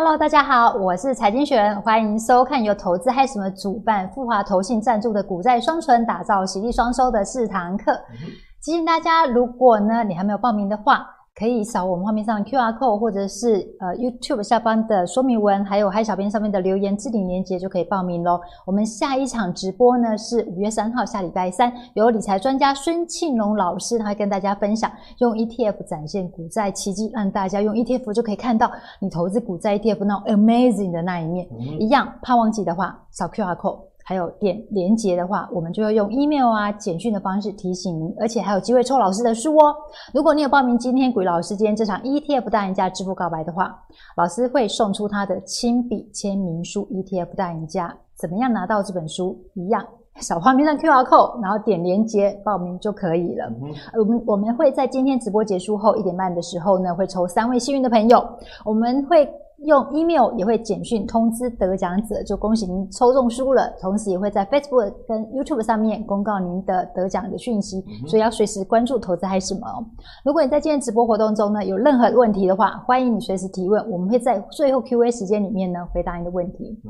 Hello，大家好，我是財經雪倫，歡迎收看由投資嗨什麼主辦、復華投信贊助的股債雙存打造息利雙收的四堂課。提醒大家，如果呢你還沒有報名的話。可以掃我們畫面上的 QR code，或者是呃 YouTube 下方的說明文，還有嗨小編上面的留言置頂鏈接，就可以報名嘍。我們下一場直播呢是五月三號下禮拜三，有理財專家孫慶龍老師，他會跟大家分享用 ETF 展現股債奇蹟，讓大家用 ETF 就可以看到你投資股債 ETF 那種 amazing 的那一面。嗯、一樣，怕忘記的話，掃 QR code。還有點連接的話，我們就會用 email 啊、簡訊的方式提醒您，而且還有機會抽老師的書哦。如果你有報名今天股魚老師今天這場 ETF 大贏家致富告白的話，老師會送出他的親筆簽名書。ETF 大贏家怎麼樣拿到這本書？一樣，小畫面上 QR code，然後點連接報名就可以了。我們、嗯呃、我們會在今天直播結束後一點半的時候呢，會抽三位幸運的朋友，我們會。用 email 也會簡訊通知得獎者，就恭喜您抽中書了。同時也會在 Facebook 跟 YouTube 上面公告您的得獎的訊息，所以要隨時關注投資嗨什麼哦。如果你在今天直播活動中呢，有任何問題的話，歡迎你隨時提問，我們會在最後 Q&A 時間裡面呢回答你的問題。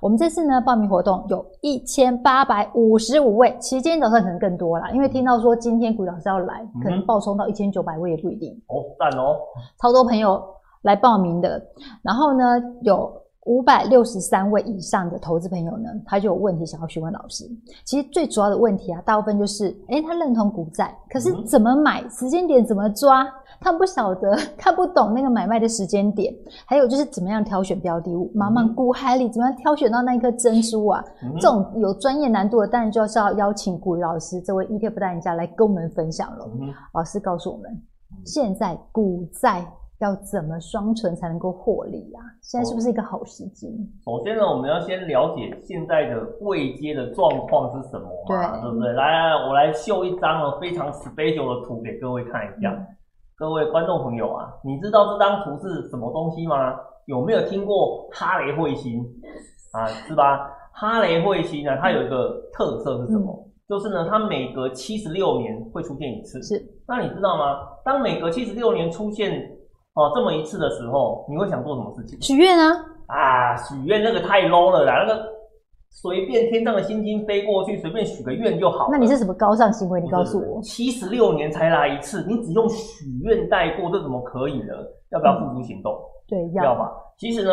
我們這次呢報名活動有一千八百五十五位，其實今天可能更多啦，因為聽到說今天股魚老師要來，可能爆衝到一千九百位也不一定。哦，讚哦，超多朋友。來報名的，然後呢，有五百六十三位以上的投資朋友呢，他就有問題想要詢問老師。其實最主要的問題啊，大部分就是，誒，他認同股債，可是怎麼買，時間點怎麼抓，他不曉得，他不懂那個買賣的時間點。還有就是怎麼樣挑選標的物，茫茫股海裡，怎麼樣挑選到那一顆珍珠啊？嗯、這種有專業難度的，當然就是要邀請股魚老師這位 ETF 大贏家來跟我們分享了。嗯、老師告訴我們，現在股債，要怎麼雙存才能夠獲利啊？現在是不是一個好時機、哦？首先呢，我們要先了解現在的位階的狀況是什麼嘛，對,對不對？來來，我來秀一張非常 special 的圖給各位看一下。嗯、各位觀眾朋友啊，你知道這張圖是什麼東西嗎？有沒有聽過哈雷彗星啊？是吧？哈雷彗星呢、啊，它有一個特色是什麼？嗯、就是呢，它每隔七十六年會出現一次。是。那你知道嗎？當每隔七十六年出現。哦，這麼一次的時候，你會想做什麼事情？許願啊！啊，許願那個太 low 了啦，那個隨便天上的星星飛過去，隨便許個願就好了。那你是什麼高尚行為？你告訴我，七十六年才來一次，你只用許願帶過，這怎麼可以呢？要不要付諸行動？嗯對，要，要吧？其實呢，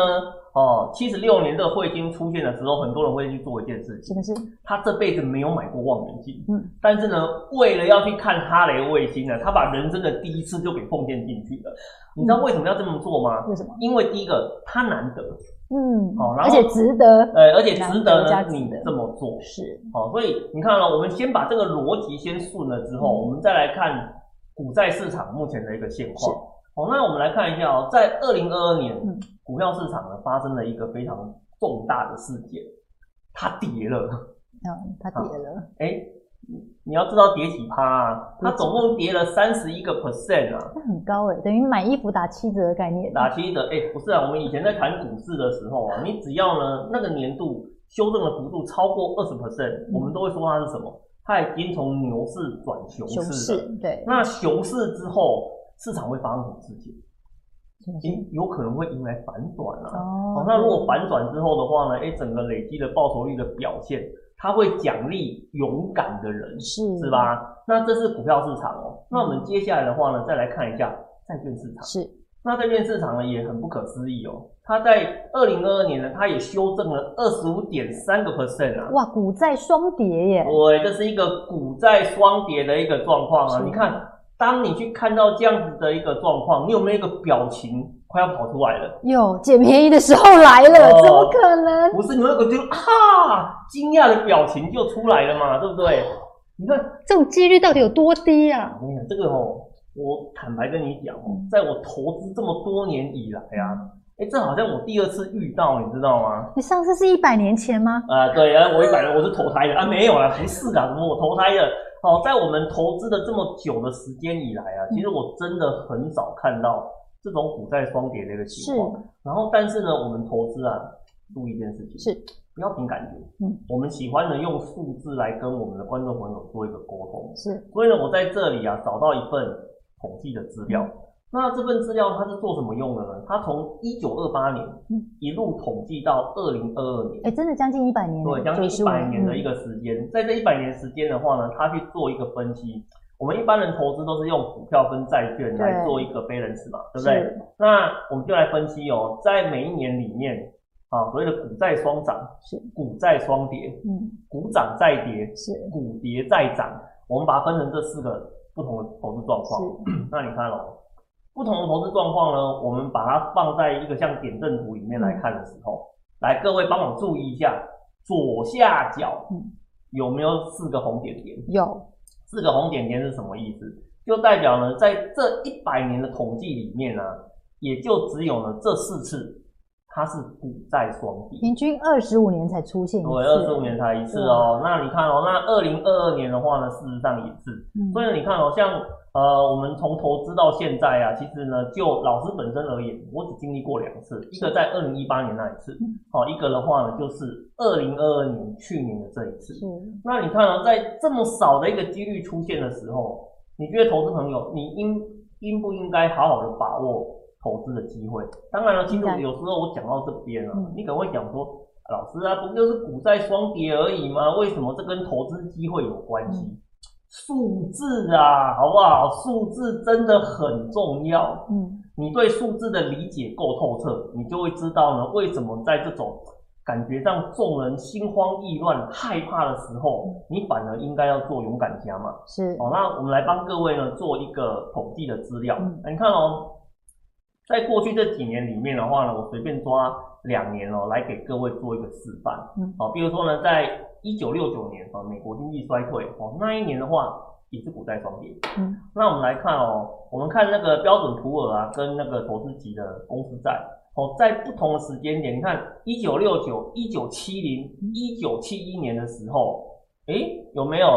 哦，七十六年這個彗星出現的時候，很多人會去做一件事情，是不是？他這輩子沒有買過望遠鏡。嗯。但是呢，為了要去看哈雷彗星呢，他把人生的第一次就給奉獻進去了。你知道為什麼要這麼做嗎？嗯、為什麼？因為第一個，他難得。嗯。好，然後而且值得。呃，而且值得，值得你這麼做。是。好，所以你看了，我們先把這個邏輯先順了之後，嗯、我們再來看股債市場目前的一個現況。好、哦，那我們來看一下哦，在二零二二年，股票市場呢發生了一個非常重大的事件，它跌了。嗯、哦、它跌了。誒、啊，欸、你要知道跌幾趴啊？它總共跌了三十一個 percent 啊。那很高誒、欸、等於買衣服打七折的概念，打七折。誒、欸、不是啊，我們以前在談股市的時候啊，嗯、你只要呢那個年度修正的幅度超過二十 percent，我們都會說它是什麼？它已經從牛市轉熊市，熊市對，那熊市之後。市場會發生什麼事情、欸？有可能會迎來反轉啊！哦，哦，那如果反轉之後的話呢？欸、整個累積的報酬率的表現，它會獎勵勇敢的人，是是吧？那這是股票市場哦。那我們接下來的話呢，再來看一下債券市場。是，那債券市場呢也很不可思議哦。它在二零二二年呢，它也修正了二十五點三個 percent 啊！哇，股債雙跌耶！對，這是一個股債雙跌的一個狀況啊！是你看。當你去看到這樣子的一個狀況，你有沒有一個表情快要跑出來了？有，撿便宜的時候來了，呃、怎麼可能？不是，你那個就啊，驚訝的表情就出來了嘛，對不對？你看這種幾率到底有多低啊！這個哦，我坦白跟你講哦，在我投資這麼多年以來啊，哎、欸，這好像我第二次遇到，你知道嗎？你上次是一百年前嗎？啊、呃，對啊，我一百年，我是投胎的啊，啊，啊，啊，沒有啊，不是啊，怎麼我投胎的。好，在我們投資了這麼久的時間以來啊，嗯、其實我真的很少看到這種股債雙跌的一個情況。是。然後，但是呢，我們投資啊，注意一件事情是，不要憑感覺。嗯。我們喜歡呢用數字來跟我們的觀眾朋友做一個溝通。是。所以呢，我在這裡啊，找到一份統計的資料。嗯。那這份資料它是做什麼用的呢？它從一九二八年一路統計到二零二二年，哎、嗯欸，真的將近一百年，對，將近一百年的一個時間。嗯、在這一百年時間的話呢，它去做一個分析。我們一般人投資都是用股票跟債券來做一個 balance 嘛，對,對不對？是那我們就來分析哦，在每一年裡面，啊，所謂的股債雙漲，是股債雙跌，嗯，股漲再跌，是股跌再漲，我們把它分成這四個不同的投資狀況。是 那你看嘍、哦。不同的投資狀況呢，我們把它放在一個像點陣圖裡面來看的時候，嗯、來各位幫我注意一下左下角有沒有四個紅點點？嗯、有，四個紅點點是什麼意思？就代表呢，在這一百年的統計裡面呢、啊，也就只有呢這四次，它是股債雙底，平均二十五年才出現一次，對，二十五年才一次哦、喔。哇那你看哦、喔，那二零二二年的話呢，事實上也是，嗯、所以你看哦、喔，像。呃，我們從投資到現在啊，其實呢，就老師本身而言，我只經歷過兩次，是一個在二零一八年那一次，好、嗯，一個的話呢，就是二零二二年去年的這一次。是那你看啊，在這麼少的一個機率出現的時候，嗯、你覺得投資朋友，你應應不應該好好的把握投資的機會？當然了，其實有時候我講到這邊啊，嗯、你可能會講說，老師啊，不就是股債雙跌而已嗎？為什麼這跟投資機會有關係？嗯數字啊，好不好？數字真的很重要。嗯，你對數字的理解夠透徹，你就會知道呢，為什麼在這種感覺上眾人心慌意亂、害怕的時候，嗯、你反而應該要做勇敢加碼。是哦。那我們來幫各位呢做一個統計的資料、嗯啊。你看哦，在過去這幾年裡面的話呢，我隨便抓兩年哦，來給各位做一個示範。嗯，好、哦，比如說呢，在一九六九年啊、哦，美國經濟衰退哦，那一年的話也是股債雙跌。嗯，那我們來看哦，我們看那個標準普爾啊，跟那個投資級的公司債哦，在不同的時間點，你看一九六九、一九七零、一九七一年的時候，哎、欸，有沒有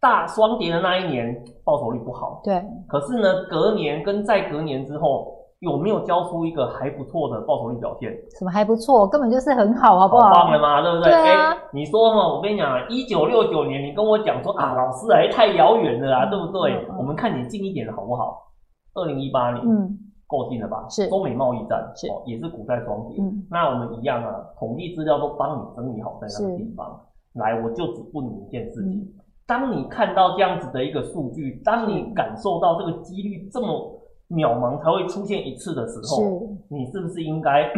大雙跌的那一年，報酬率不好？對。可是呢，隔年跟再隔年之後。有沒有交出一個還不錯的報酬率表現？什麼還不錯？根本就是很好，好不好？好棒了嗎？對不對？對啊。欸，你說嘛，我跟你講啊，一九六九年，你跟我講說啊，老師哎，太遙遠了啦，對不對？我們看點近一點的好不好？二零一八年，嗯，夠近了吧？是。中美貿易戰，是，也是股債雙跌。嗯。那我們一樣啊，統計資料都幫你整理好在那個地方。來，我就只問你一件事情。當你看到這樣子的一個數據，當你感受到這個幾率這麼。渺茫才會出現一次的時候，是你是不是應該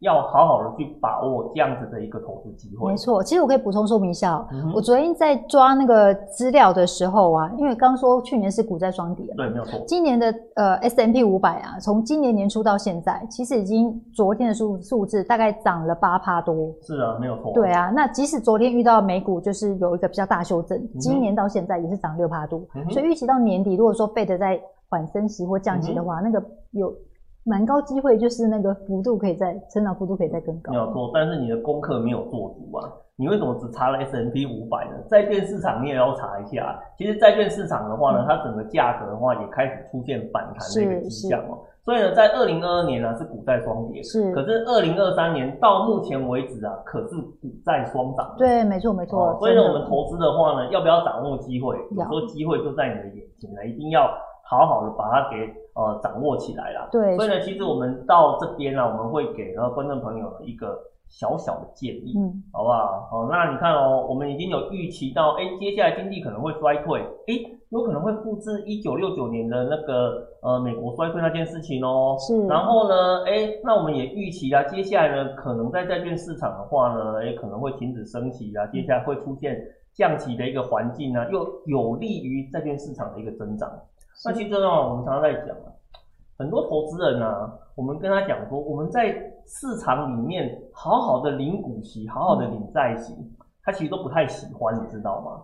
要好好的去把握這樣子的一個投資機會？沒錯，其實我可以補充說明一下，嗯、哼我昨天在抓那個資料的時候啊，因為剛說去年是股債雙底了，對，沒有錯。今年的呃 S&P 500啊，從今年年初到現在，其實已經昨天的數數字大概漲了八趴多，是啊，沒有錯。對啊，那即使昨天遇到美股就是有一個比較大修正，嗯、哼今年到現在也是漲六趴多，嗯、哼所以預期到年底，如果說 Fed 在緩升息或降息的話，嗯、哼那個有蠻高機會，就是那個幅度可以再，成長幅度可以再更高。沒有錯，但是你的功課沒有做足啊！你為什麼只查了 S&P 500呢？債券市場你也要查一下。其實債券市場的話呢，嗯、它整個價格的話也開始出現反彈的一個跡象哦。所以呢，在二零二二年呢、啊、是股債雙跌，是。可是二零二三年到目前為止啊，可是股債雙漲。對，沒錯沒錯。哦、的所以呢，我們投資的話呢，要不要掌握機會？嗯、有時候機會就在你的眼前呢，一定要。好好的把它給呃掌握起來了，對，所以呢，其實我們到這邊呢、啊，我們會給、呃、觀眾朋友一個小小的建議，嗯，好不好？好，那你看哦，我們已經有預期到，誒接下來經濟可能會衰退，誒有可能會複製一九六九年的那個呃美國衰退那件事情哦，是。然後呢，誒那我們也預期啊，接下來呢，可能在債券市場的話呢，也可能會停止升息啊，接下來會出現降息的一個環境呢、啊，又有利於債券市場的一個增長。是那其實呢，我們常常在講啊，很多投資人啊，我們跟他講說，我們在市場裡面好好的領股息，好好的領債息，嗯、他其實都不太喜歡，你知道嗎？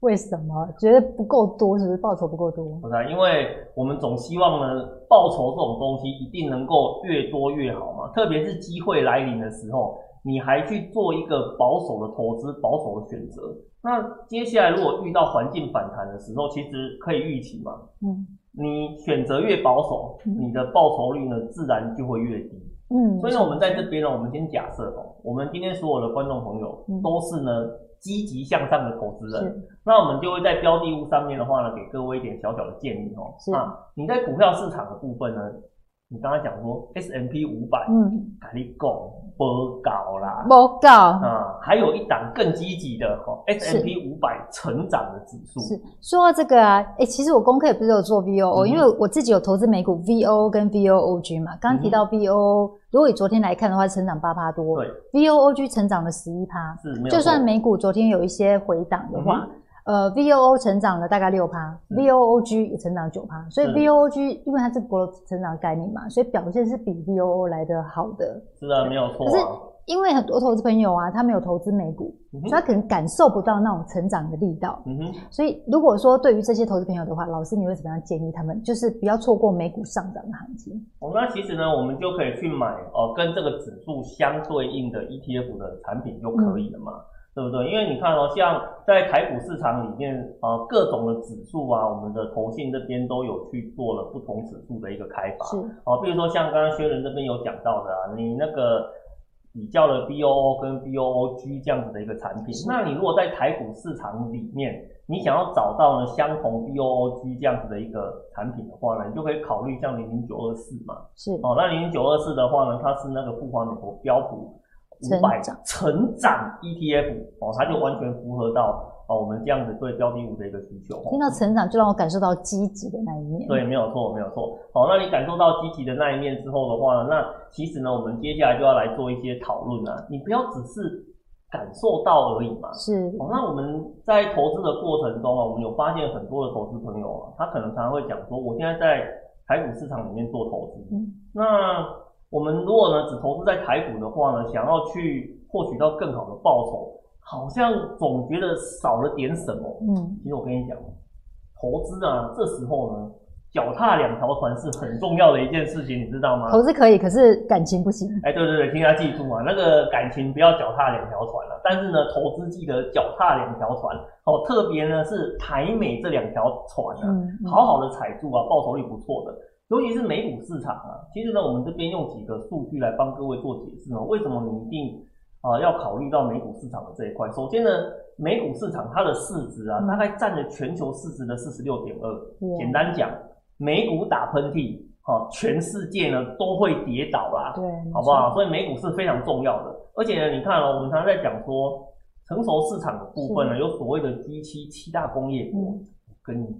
為什麼？覺得不夠多，是不是？報酬不夠多。不是，啊，因為我們總希望呢，報酬這種東西一定能夠越多越好嘛，特別是機會來臨的時候。你還去做一個保守的投資，保守的選擇，那接下來如果遇到環境反彈的時候，其實可以預期嘛？嗯，你選擇越保守，嗯、你的報酬率呢，自然就會越低。嗯，所以呢，我們在這邊呢，我們先假設哦、喔，嗯、我們今天所有的觀眾朋友都是呢，積極向上的投資人，是那我們就會在標的物上面的話呢，給各位一點小小的建議哦、喔。是啊，那你在股票市場的部分呢？你剛才講說 S M P 五百，嗯，敢你講不高啦，不高啊，還有一檔更積極的吼，S M P 五百是成長的指數。是，說到這個啊，哎，其實我功課也不是有做 V O O、嗯、哼因為我自己有投資美股 V O 跟 V O O G 嘛。剛，剛提到 V O O、嗯、哼如果你昨天來看的話，成長八趴多，對，V O O G 成長了十一趴，是，沒有就算美股昨天有一些回檔的話。嗯呃，V O O 成長了大概六趴、嗯、，V O O G 也成長了九趴，所以 V O O G、嗯、因為它是股成長概念嘛，所以表現是比 V O O 來得好的。是啊，沒有錯、啊。可是因為很多投資朋友啊，他沒有投資美股，嗯、哼所以他可能感受不到那種成長的力道。嗯哼。所以如果說對於這些投資朋友的話，老師你會怎麼樣建議他們，就是不要錯過美股上漲的行情？我們、哦、那其實呢，我們就可以去買哦、呃，跟這個指數相對應的 E T F 的產品就可以了嘛。嗯對不對？因為你看哦，像在台股市場裡面啊，各種的指數啊，我們的投信這邊都有去做了不同指數的一個開發哦。是比如說像剛剛雪倫這邊有講到的啊，你那個比較了 BOO 跟 BOOG 這樣子的一個產品，是那你如果在台股市場裡面，你想要找到呢相同 BOOG 這樣子的一個產品的話呢，你就可以考慮像零零九二四嘛。是哦，那零零九二四的話呢，它是那個復華美國標普。成長，500成長 ETF 哦，它就完全符合到哦我們這樣子對標的物的一個需求。聽到成長就讓我感受到積極的那一面。對，沒有錯，沒有錯。好，那你感受到積極的那一面之後的話呢，那其實呢，我們接下來就要來做一些討論啊。你不要只是感受到而已嘛。是。哦，那我們在投資的過程中啊，我們有發現很多的投資朋友啊，他可能常常會講說，我現在在台股市場裡面做投資，嗯、那。我們如果呢只投資在台股的話呢，想要去獲取到更好的報酬，好像總覺得少了點什麼。嗯，其實我跟你講，投資啊這時候呢，腳踏兩條船是很重要的一件事情，你知道嗎？投資可以，可是感情不行。哎，欸、對對對，大家記住啊，那個感情不要腳踏兩條船了、啊。但是呢，投資記得腳踏兩條船，好、哦，特別呢是台美這兩條船呢、啊，好好的踩住啊，報酬率不錯的。嗯嗯尤其是美股市場啊，其實呢，我們這邊用幾個數據來幫各位做解釋呢，為什麼你一定、嗯、啊要考慮到美股市場的這一塊？首先呢，美股市場它的市值啊，嗯、大概占了全球市值的四十六點二。嗯、簡單講，美股打噴嚏，啊、全世界呢都會跌倒啦，對，好不好？是所以美股是非常重要的。而且呢，你看哦，我們常常在講說，成熟市場的部分呢，是有所謂的 G7 七大工業。嗯、我跟你講，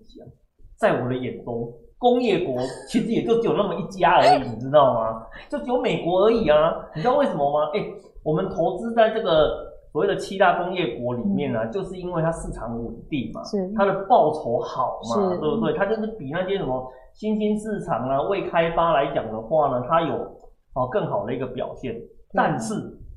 在我的眼中。工業國其實也就只有那麼一家而已，你知道嗎？就只有美國而已啊！你知道為什麼嗎？哎、欸，我們投資在這個所謂的七大工業國裡面呢、啊，嗯、就是因為它市場穩定嘛，是它的報酬好嘛，是對不對？它就是比那些什麼新興市場啊、未開發來講的話呢，它有好、啊、更好的一個表現。嗯、但是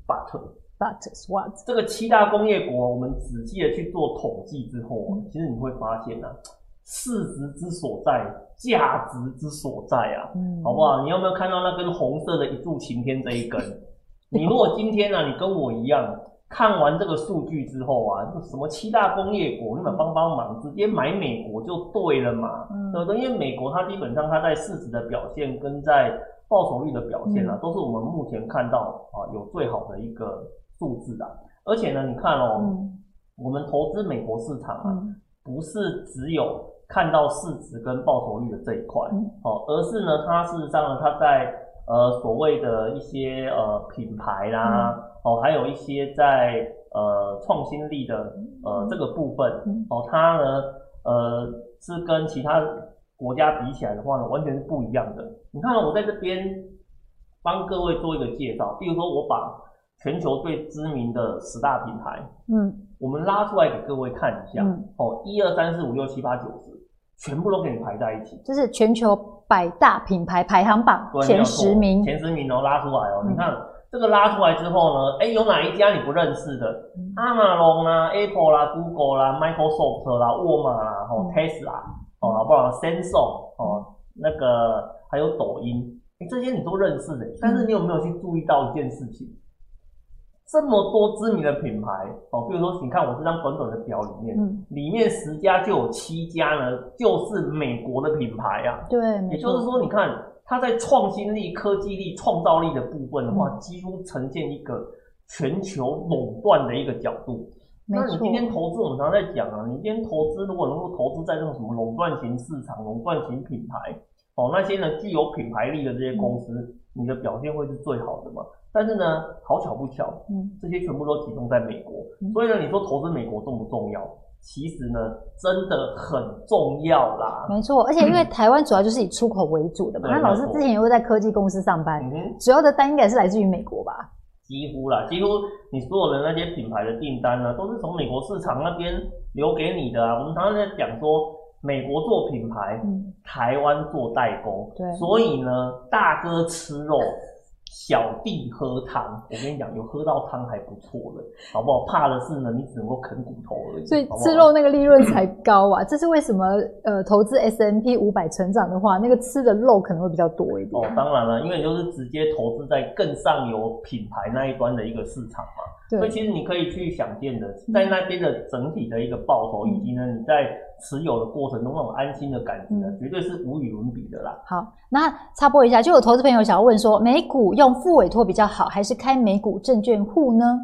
，but but what？這個七大工業國、啊，我們仔細的去做統計之後、啊，嗯、其實你會發現呢、啊。市值之所在，價值之所在啊，嗯、好不好？你有沒有看到那根紅色的一柱擎天這一根？ 你如果今天呢、啊，你跟我一樣看完這個數據之後啊，就什麼七大工業國，你們幫幫忙，嗯、直接買美國就對了嘛？嗯，對不對？因為美國它基本上它在市值的表現跟在報酬率的表現啊，嗯、都是我們目前看到啊有最好的一個數字啊。而且呢，你看哦、喔，嗯、我們投資美國市場啊，嗯、不是只有看到市值跟報酬率的這一塊，好、嗯哦，而是呢，它事實上呢，它在呃所謂的一些呃品牌啦，嗯、哦，還有一些在呃創新力的呃、嗯、這個部分，哦，它呢呃是跟其他國家比起來的話呢，完全是不一樣的。你看我在這邊幫各位做一個介紹，比如說我把全球最知名的十大品牌，嗯，我們拉出來給各位看一下，嗯、哦，一二三四五六七八九十。全部都給你排在一起，就是全球百大品牌排行榜對前十名，前十名哦拉出來哦。嗯、你看這個拉出來之後呢，誒，有哪一家你不認識的？嗯、Amazon 啦、啊、Apple 啦、啊、Google 啦、啊、Microsoft 啦、啊、沃爾瑪啦、Tesla 哦、嗯、哦，不好 Samsung 哦，那個還有抖音，誒這些你都認識的。但是你有沒有去注意到一件事情？這麼多知名的品牌哦，比如說你看我這張短短的表裡面，嗯、裡面十家就有七家呢，就是美國的品牌啊。對，也就是說你看它在創新力、科技力、創造力的部分的話，幾乎呈現一個全球壟斷的一個角度。嗯、那你今天投資，我們常在講啊，你今天投資如果能夠投資在那種什麼壟斷型市場、壟斷型品牌哦，那些呢具有品牌力的這些公司，嗯、你的表現會是最好的嘛？但是呢，好巧不巧，嗯，這些全部都集中在美國，嗯、所以呢，你說投資美國重不重要？其實呢，真的很重要啦。沒錯，而且因為台灣主要就是以出口為主的，嘛。那、嗯、老師之前也會在科技公司上班，沒錯，主要的單應該是來自於美國吧、嗯？幾乎啦，幾乎你所有的那些品牌的訂單呢，都是從美國市場那邊留給你的啊。我們常常在講說，美國做品牌，嗯，台灣做代工，對，所以呢，大哥吃肉。小弟喝湯，我跟你講，有喝到湯還不錯的，好不好？怕的是呢，你只能夠啃骨頭而已。所以吃肉那個利潤才高啊， 這是為什麼？呃，投資 S N P 五百成長的話，那個吃的肉可能會比較多一點。哦，當然了，因為就是直接投資在更上游品牌那一端的一個市場嘛。所以其實你可以去想見的，在那邊的整體的一個報酬，以及呢你在持有的過程中那種安心的感覺呢，絕對是無與倫比的啦。好，那插播一下，就有投資朋友想要問說，美股用複委託比較好，還是開美股證券戶呢？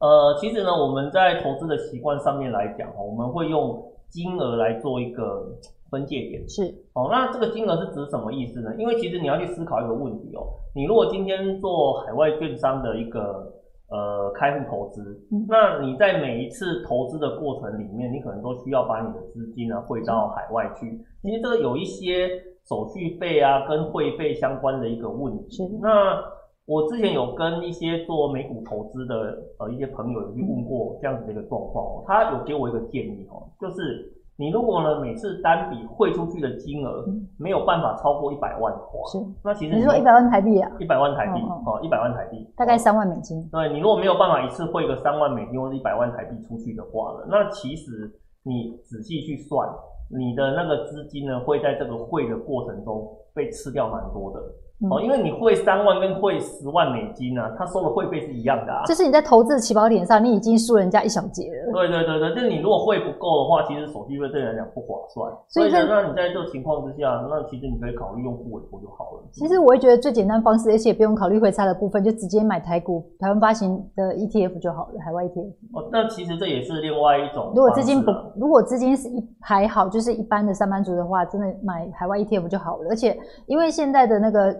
呃，其實呢，我們在投資的習慣上面來講，我們會用金額來做一個分界點。是，哦，那這個金額是指什麼意思呢？因為其實你要去思考一個問題哦，你如果今天做海外券商的一個。呃，開戶投資，那你在每一次投資的過程裡面，你可能都需要把你的資金呢匯到海外去，其實這個有一些手續費啊，跟匯費相關的一個問題。那我之前有跟一些做美股投資的呃一些朋友有去問過這樣子的一個狀況，他有給我一個建議哦，就是。你如果呢每次單筆匯出去的金額沒有辦法超過一百萬的話，是，那其實你，你說一百萬台幣啊，一百萬台幣哦，一百萬台幣，大概三萬美金。哦、對，你如果沒有辦法一次匯個三萬美金或者一百萬台幣出去的話呢，那其實你仔細去算，你的那個資金呢會在這個匯的過程中被吃掉蠻多的。哦，因為你匯三萬跟匯十萬美金呢、啊，他收的匯費是一樣的啊。就是你在投資的起跑點上，你已經輸人家一小截了。對對對對，就是你如果匯不夠的話，其實手續費對你來講不划算。所以那、啊、那你在這個情況之下，那其實你可以考慮用複委託就好了。其實我會覺得最簡單方式，而且不用考慮匯差的部分，就直接買台股、台灣發行的 ETF 就好了，海外 ETF。哦，那其實這也是另外一種、啊。如果資金不，如果資金是一還好，就是一般的上班族的話，真的買海外 ETF 就好了。而且因為現在的那個。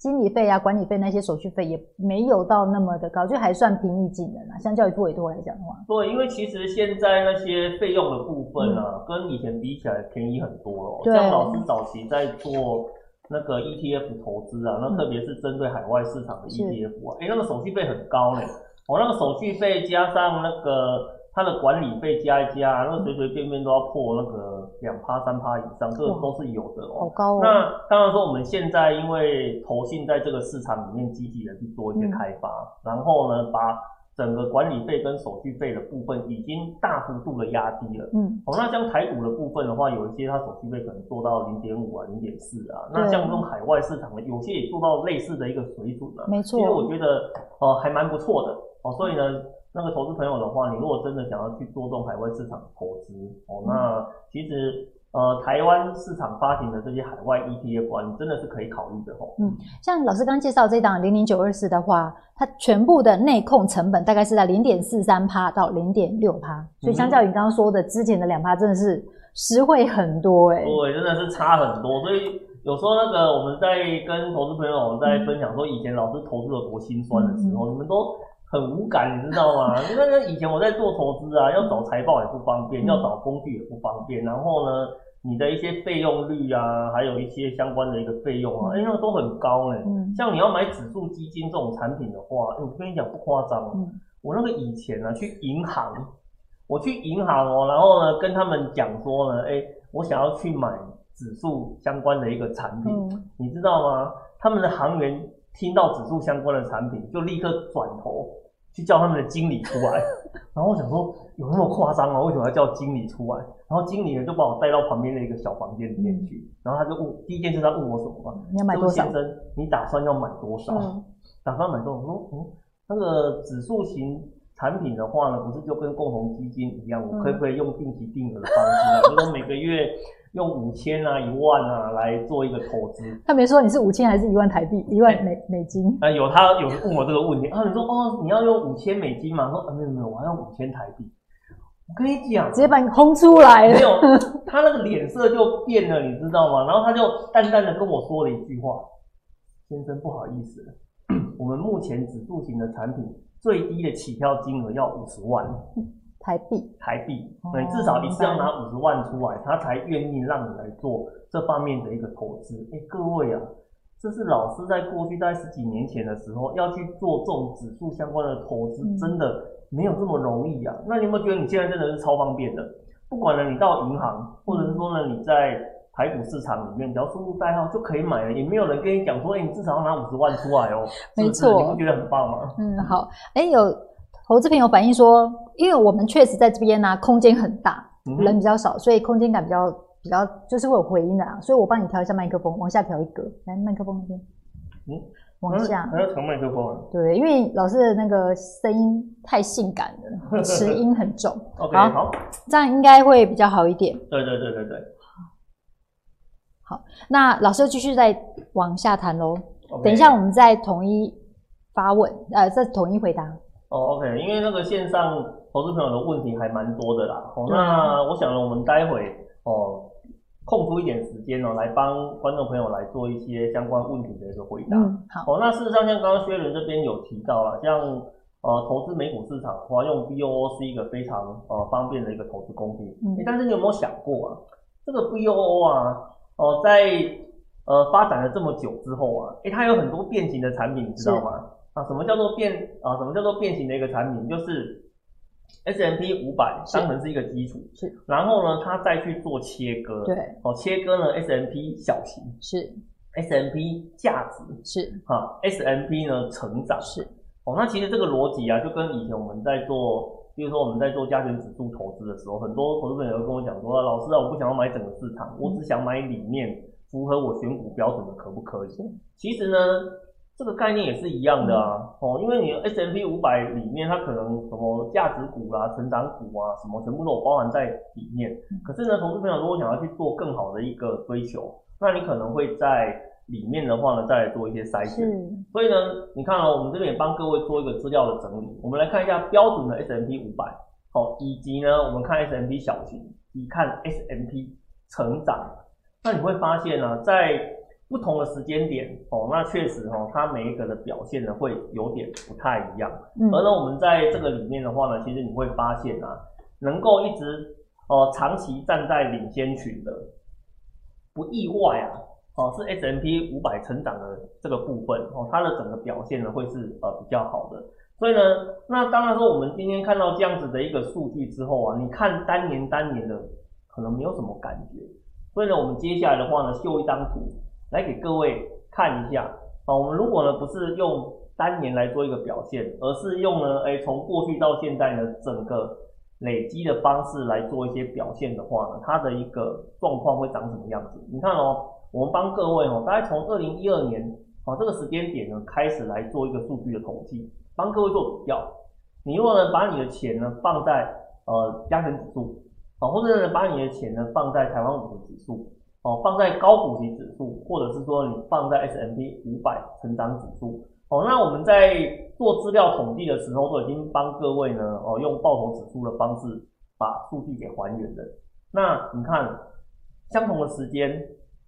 經理費啊，管理費那些手續費也沒有到那麼的高，就還算平易近人啦、啊。相較於複委託來講的話，對，因為其實現在那些費用的部分啊，嗯、跟以前比起來便宜很多了，哦。像老師早期在做那個 ETF 投資啊，那特別是針對海外市場的 ETF 啊，是誒那個手續費很高嘞。我，哦、那個手續費加上那個。它的管理費加一加，那隨隨便便都要破那個兩趴三趴以上，這個、都是有的哦。哦好高哦，那當然說，我們現在因為投信在這個市場裡面積極的去做一些開發，嗯、然後呢，把整個管理費跟手續費的部分已經大幅度的壓低了。嗯。哦，那像台股的部分的話，有一些它手續費可能做到零點五啊，零點四啊。對那像這種海外市場的，有些也做到類似的一個水準了，啊。沒錯錯。其實我覺得哦、呃，還蠻不錯的哦，所以呢。嗯那個投資朋友的話，你如果真的想要去做這種海外市場投資哦，那其實呃台灣市場發行的這些海外 ETF 啊，你真的是可以考慮的哦。嗯，像老師剛介紹這檔零零九二四的話，它全部的內控成本大概是在零點四三趴到零點六趴，所以相較於剛剛說的、嗯、之前的兩趴，真的是實惠很多誒、欸、對，真的是差很多，所以有時候那個我們在跟投資朋友在分享說以前老師投資了多心酸的時候，你、嗯、們都。很無感，你知道嗎？因為那以前我在做投資啊，要找財報也不方便，要找工具也不方便。嗯、然後呢，你的一些費用率啊，還有一些相關的一個費用啊，哎、嗯欸，那個、都很高呢。嗯、像你要買指數基金這種產品的話，我、欸、跟你講不誇張、啊，嗯、我那個以前呢、啊，去銀行，我去銀行哦、喔，然後呢，跟他們講說呢，誒、欸、我想要去買指數相關的一個產品，嗯、你知道嗎？他們的行員。聽到指數相關的產品，就立刻轉頭去叫他們的經理出來。然後我想說，有那麼誇張嗎？為什麼要叫經理出來？然後經理呢，就把我帶到旁邊的一個小房間裡面去。嗯、然後他就問，第一件事他問我什麼嘛？你要買多少？說先生，你打算要買多少？嗯、打算買多少？我說，嗯，那個指數型產品的話呢，不是就跟共同基金一樣，我可不可以用定期定額的方式？嗯、就是每個月。 用五千啊一萬啊來做一個投資。他沒說你是五千還是一萬台幣，一萬美、欸、美金。啊，有他有問我這個問題，啊，你說哦你要用五千美金嘛？說啊沒有沒有，我要五千台幣。我跟你講，直接把你轟出來了、啊。沒有，他那個臉色就變了，你知道嗎？然後他就淡淡的跟我說了一句話：“先生不好意思了，我們目前指數型的產品最低的起跳金額要五十萬。”台幣，台幣，你、嗯、至少一次要拿五十萬出來，哦、他才願意讓你來做這方面的一個投資。誒、欸、各位啊，這是老師在過去大概十幾年前的時候，要去做這種指數相關的投資，嗯、真的沒有這麼容易啊。那你有沒有覺得你現在真的是超方便的？不管呢，你到銀行，或者是說呢，你在台股市場裡面，只要輸入代號就可以買了，嗯、也沒有人跟你講說，誒、欸、你至少要拿五十萬出來哦。是不是？沒錯，你不覺得很棒嗎？嗯，好，哎、欸、有。投資朋友反映說：“因為我們確實在這邊呢、啊，空間很大，嗯、哼人比較少，所以空間感比較比較就是會有回音的啊。所以我幫你調一下麥克風，往下調一格。來麥克風那邊，嗯，往下還要調麥克風，對，因為老師的那個聲音太性感了，齒音很重。OK，好，好，這樣應該會比較好一點。對對對對對，好，那老師繼續再往下談嘍。Okay. 等一下，我們再統一發問，呃，再統一回答。”哦、oh,，OK，因為那個線上投資朋友的問題還蠻多的啦。Oh, 嗯、那我想我們待會哦，oh, 空出一點時間哦，oh, 來幫觀眾朋友來做一些相關問題的一個回答。嗯、好，oh, 那事實上，像剛剛雪倫這邊有提到啦，像呃、oh, 投資美股市場的話，我要用 VOO 是一個非常呃、oh, 方便的一個投資工具。哎、嗯，但是你有沒有想過啊，這個 VOO 啊，哦、oh, 在呃、oh, 發展了這麼久之後啊，誒它有很多變形的產品，你知道嗎？啊，什麼叫做變啊？什麼叫做變形的一個產品？就是 S&P 500，當成是一個基礎，是。然後呢，它再去做切割，對，好、哦、切割呢 S&P 小型是，S&P 價值是，哈，啊、S&P 呢成長是，哦，那其實這個邏輯啊，就跟以前我們在做，比如說我們在做加權指數投資的時候，很多投資朋友跟我講說啊，老師啊，我不想要買整個市場，嗯、我只想買裡面符合我選股標準的，可不可以？其實呢。這個概念也是一樣的啊，嗯、哦，因為你 S M P 五百裡面，它可能什麼價值股啦、啊、成長股啊，什麼全部都包含在裡面。嗯、可是呢，投資朋友如果想要去做更好的一個追求，那你可能會在裡面的話呢，再做一些篩選。嗯、所以呢，你看啊，我們這邊也幫各位做一個資料的整理。我們來看一下標準的 S M P 五百，好，以及呢，我們看 S M P 小型，以及看 S M P 成長。那你會發現呢、啊，在不同的時間點哦，那確實哦，它每一個的表現呢會有點不太一樣。嗯。而呢，我們在這個裡面的話呢，其實你會發現啊，能夠一直哦、呃、長期站在領先群的，不意外啊哦，是 S&P 500成長的這個部分哦，它的整個表現呢會是呃比較好的。所以呢，那當然說我們今天看到這樣子的一個數據之後啊，你看單年單年的可能沒有什麼感覺。所以呢，我們接下來的話呢，秀一張圖。來給各位看一下啊、哦，我們如果呢不是用單年來做一個表現，而是用呢哎從過去到現在呢整個累積的方式來做一些表現的話呢，它的一個狀況會長什麼樣子？你看哦，我們幫各位哦，大概從二零一二年啊、哦、這個時間點呢開始來做一個數據的統計，幫各位做比較。你如果呢把你的錢呢放在呃加權指數，哦、或者是呢把你的錢呢放在台灣五十指數。哦，放在高股息指數，或者是說你放在 S&P 500成長指數。哦，那我們在做資料統計的時候，都已經幫各位呢，哦，用報酬指數的方式把數據給還原了。那你看，相同的時間，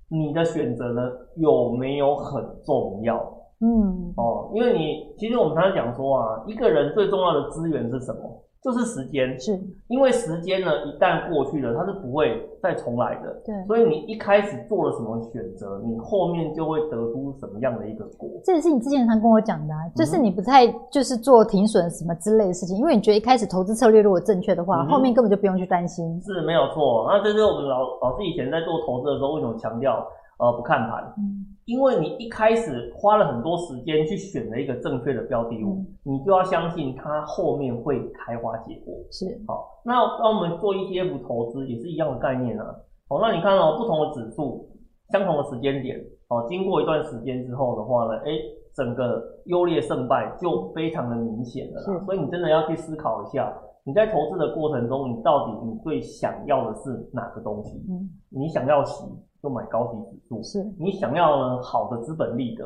你的選擇呢，有沒有很重要？嗯，哦，因為你其實我們常常講說啊，一個人最重要的資源是什麼？就是時間，是因為時間呢，一旦過去了，它是不會再重來的。對，所以你一開始做了什麼選擇，嗯、你後面就會得出什麼樣的一個果。這也是你之前常跟我講的、啊，就是你不太就是做停損什麼之類的事情，嗯、因為你覺得一開始投資策略如果正確的話，嗯、後面根本就不用去擔心。是，沒有錯，那這是我們老老師以前在做投資的時候，為什麼強調呃不看盤？嗯。因為你一開始花了很多時間去選了一個正確的標的物，嗯、你就要相信它後面會開花結果。是好，哦，那讓我們做 ETF 投資也是一樣的概念啊。好，哦，那你看哦，不同的指數，相同的時間點，哦，經過一段時間之後的話呢，哎，欸，整個優劣勝敗就非常的明顯了。是所以你真的要去思考一下，你在投資的過程中，你到底你最想要的是哪個東西？嗯，你想要息？就買高級指數，是你想要好的資本利得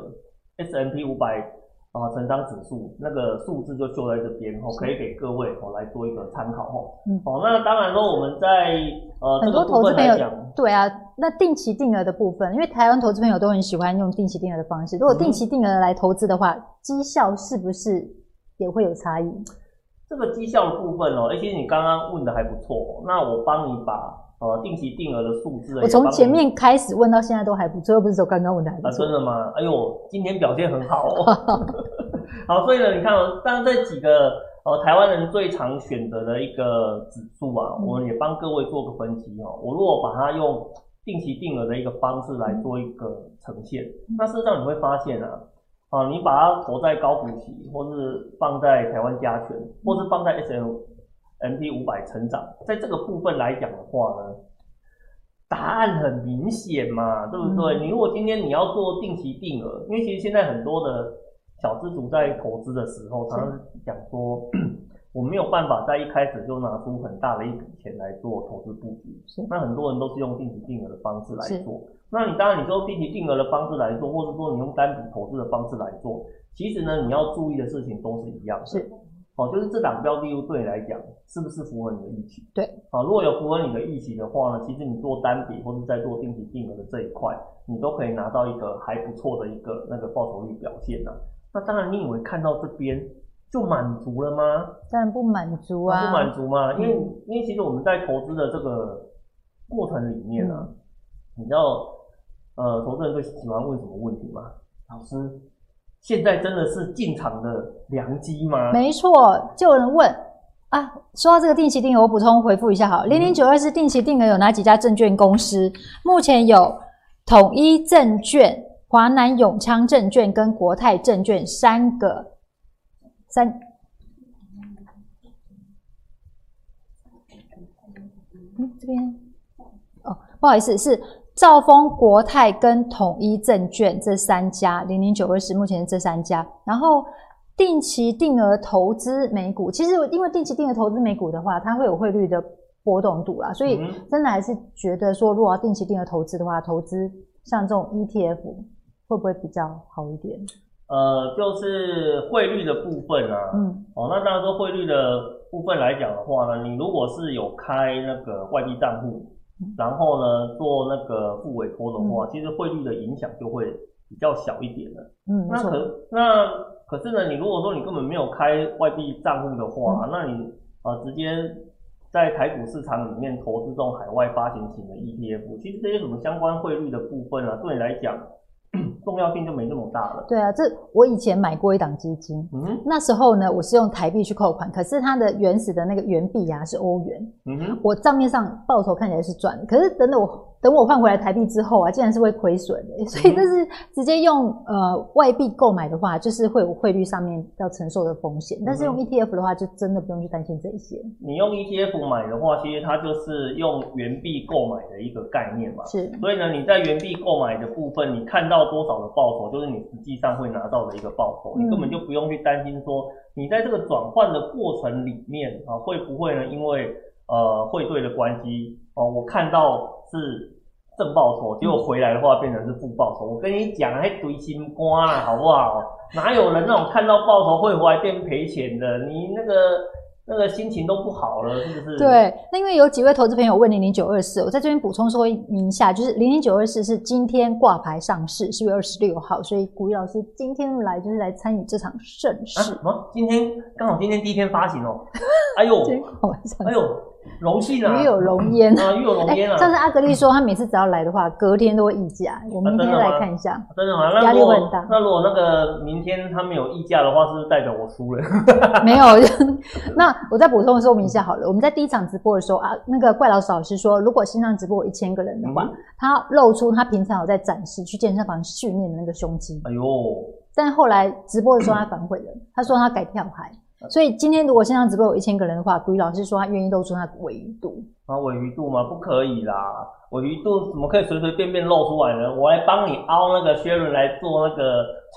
，S&P 500啊，成長指數那個數字就就在這邊吼、喔，可以給各位吼、喔、來做一個參考嗯哦是、喔，那當然說我們在呃，很多投資朋友，資朋友對啊，那定期定額的部分，因為台灣投資朋友都很喜歡用定期定額的方式。如果定期定額來投資的話，績、嗯、效是不是也會有差異？這個績效的部分哦、喔，而且你剛剛問的還不錯，那我幫你把。呃、啊、定期定額的數字的我從前面開始問到現在都還不錯，又不是說剛剛問的還不錯、啊。真的嗎？哎呦，今天表現很好啊、哦！ 好，所以呢，你看哦，當然這幾個呃台灣人最常選擇的一個指數啊，我也幫各位做個分析哦、啊。嗯、我如果把它用定期定額的一個方式來做一個呈現，那事實上你會發現啊，啊，你把它投在高股息，或是放在台灣加權，或是放在 SM、嗯。S&P 五百成長，在這個部分來講的話呢，答案很明顯嘛，對不對？嗯、你如果今天你要做定期定額，因為其實現在很多的小資族在投資的時候，是常常講說我沒有辦法在一開始就拿出很大的一筆錢來做投資布局，是那很多人都是用定期定額的方式來做。是那你當然，你說定期定額的方式來做，或是說你用單筆投資的方式來做，其實呢，你要注意的事情都是一樣的。好、哦、就是這檔標的物對你來講是不是符合你的預期？對，好、哦，如果有符合你的預期的話呢，其實你做單筆或者在做定期定額的這一塊，你都可以拿到一個還不錯的一個那個報酬率表現吶、啊。那當然，你以為看到這邊就滿足了嗎？當然不滿足啊，啊不滿足嗎？因為、嗯、因為其實我們在投資的這個過程裡面呢、啊，你知道呃投資人最喜歡問什麼問題嗎？老師。現在真的是進場的良機嗎？沒錯，就有人問啊。說到這個定期定額，我補充回復一下好。零零九二是定期定額有哪幾家證券公司？目前有統一證券、華南永昌證券跟國泰證券三個三。嗯，這邊哦，不好意思，是。兆豐國泰跟統一證券這三家，零零九二四是目前是這三家，然後定期定額投資美股，其實因為定期定額投資美股的話，它會有匯率的波動度啦，所以真的還是覺得說，如果要定期定額投資的話，投資像這種 ETF 會不會比較好一點？呃，就是匯率的部分啊，嗯，哦，那當然說匯率的部分來講的話呢，你如果是有開那個外幣賬戶。然後呢，做那個複委託的話，嗯、其實匯率的影響就會比較小一點了。嗯，那可的那可是呢，你如果說你根本沒有開外幣賬戶的話，嗯、那你啊、呃、直接在台股市場裡面投資這種海外發行型的 ETF，其實這些什麼相關匯率的部分啊，對你來講。重要性就沒那麼大了。對啊，這我以前買過一檔基金，嗯哼，那時候呢，我是用台幣去扣款，可是它的原始的那個原幣啊是歐元。嗯哼，我賬面上報酬看起來是賺，可是等等我，等我換回來台幣之後啊，竟然是會虧損的，所以這是直接用呃外幣購買的話，就是會有匯率上面要承受的風險。但是用 ETF 的話，就真的不用去擔心這一些。你用 ETF 買的話，其實它就是用原幣購買的一個概念嘛。是。所以呢，你在原幣購買的部分，你看到多少的報酬，就是你實際上會拿到的一個報酬，嗯、你根本就不用去擔心說，你在這個轉換的過程裡面啊，會不會呢？因為呃匯兌的關係。哦，我看到是正報酬，結果回來的話變成是負報酬。嗯、我跟你講，還堆心瓜了，好不好？哪有人那種看到報酬會回來變賠錢的？你那個那個心情都不好了，是不是？對，那因為有幾位投資朋友問零零九二四，我在這邊補充說一下，就是零零九二四是今天掛牌上市，四月二十六號，所以股魚老師今天來就是來參與這場盛事、啊。什麼？今天剛好今天第一天發行哦、喔。 哎呦，哎呦。容器呢？與有榮焉啊，與有榮焉了，上次阿格力說，他每次只要來的話，隔天都會議價。我明天再來看一下，真的嗎？壓力會很大。那如果那個明天他沒有議價的話，是不是代表我輸了？沒有。那我再補充說明一下好了。我們在第一場直播的時候啊，那個怪老子老師說，如果線上直播有一千個人的話，他露出他平常有在展示去健身房訓練的那個胸肌。哎呦！但後來直播的時候，他反悔了，他說他改票牌。所以今天如果線上直播有一千個人的話，股魚老師說他願意露出他鮪魚肚。啊鮪魚肚嗎？不可以啦，鮪魚肚怎麼可以隨隨便便露出來呢？我來幫你凹那個雪倫來做那個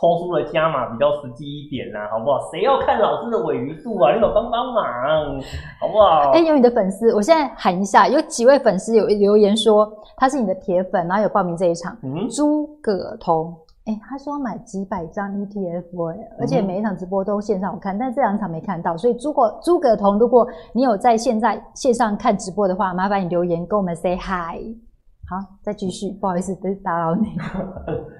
抽書的加碼，比較實際一點啦，好不好？誰要看老師的鮪魚肚啊？你有幫幫忙，嗯、好不好？哎、欸，有你的粉絲，我現在喊一下，有幾位粉絲有留言說他是你的鐵粉，然後有報名這一場，諸、嗯、葛通哎、欸，他說要買幾百張 ETF，而且每一場直播都線上看，嗯、但是這兩場沒看到，所以諸葛諸葛彤，如果你有在現在線上看直播的話，麻煩你留言跟我們 say hi。好，再繼續，不好意思，嗯、打擾你。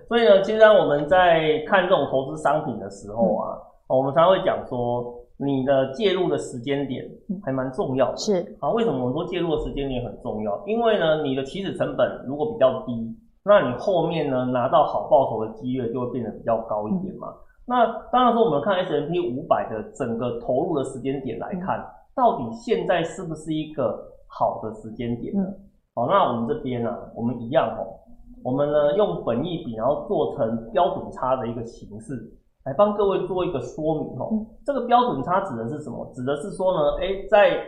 所以呢，其實我們在看這種投資商品的時候啊，嗯哦、我們常常會講說，你的介入的時間點還蠻重要。是啊，為什麼我們說介入的時間點很重要？因為呢，你的起始成本如果比較低。那你後面呢，拿到好報酬的幾率就會變得比較高一點嘛。嗯、那當然說我們看 S&P 500的整個投入的時間點來看，嗯、到底現在是不是一個好的時間點呢？嗯、好，那我們這邊呢、啊，我們一樣哈、喔，我們呢用本益比，然後做成標準差的一個形式，來幫各位做一個說明哈、喔。嗯、這個標準差指的是什麼？指的是說呢，哎、欸，在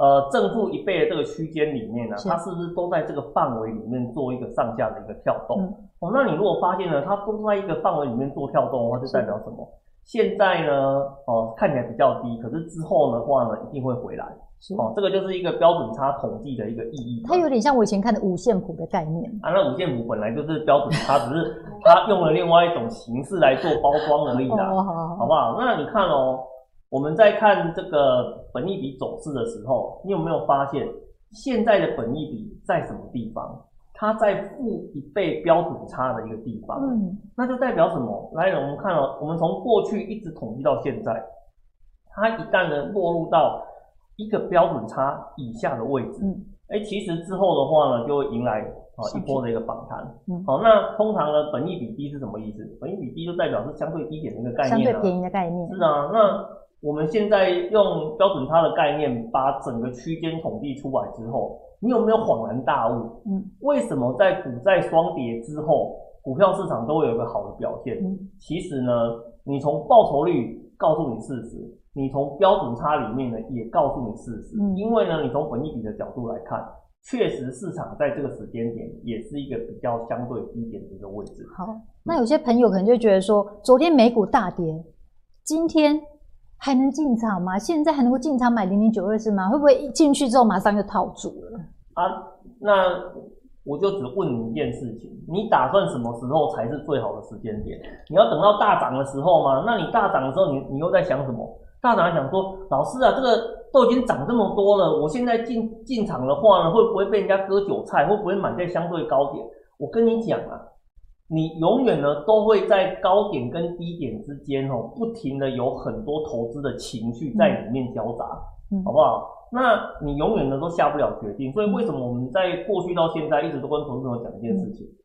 呃，正負一倍的這個區間裡面呢、啊，是它是不是都在這個範圍裡面做一個上下的一個跳動？嗯、哦，那你如果發現了它都在一個範圍裡面做跳動的話，就代表什麼？是現在呢，哦，看起來比較低，可是之後的話呢，一定會回來，是、哦、這個就是一個標準差統計的一個意義。它有點像我以前看的五線譜的概念啊，那五線譜本來就是標準差， 只是它用了另外一種形式來做包裝而已啦、 哦、好，好，好，好不好？那你看哦。我們在看這個本益比走勢的時候，你有沒有發現現在的本益比在什麼地方？它在負一倍標準差的一個地方。嗯，那就代表什麼？來，我們看了、喔，我們從過去一直統計到現在，它一旦呢落入到一個標準差以下的位置，嗯，哎、欸，其實之後的話呢，就會迎來啊、喔、是一波的一個反彈。嗯，好，那通常呢，本益比低是什麼意思？本益比低就代表是相對低點的一個概念、啊，相對便宜的概念、啊。是啊，那。我們現在用標準差的概念，把整個區間統計出來之後，你有沒有恍然大悟？嗯，為什麼在股債雙跌之後，股票市場都有一個好的表現？嗯、其實呢，你從報酬率告訴你事實，你從標準差裡面呢也告訴你事實，嗯、因為呢，你從本益比的角度來看，確實市場在這個時間點也是一個比較相對低點的一個位置。好，那有些朋友可能就覺得說，嗯、昨天美股大跌，今天。還能進場嗎？現在還能夠進場買零零九二是嗎？會不會一進去之後馬上就套住了？啊，那我就只問你一件事情：你打算什麼時候才是最好的時間點？你要等到大漲的時候嗎？那你大漲的時候你，你你又在想什麼？大漲想說，老師啊，這個都已經漲這麼多了，我現在進進場的話呢，會不會被人家割韭菜？會不會買在相對高點？我跟你講啊。你永遠呢都會在高點跟低點之間哦、喔，不停的有很多投資的情緒在裡面交雜，嗯、好不好？那你永遠呢都下不了決定，所以為什麼我們在過去到現在一直都跟投資者講一件事情：嗯、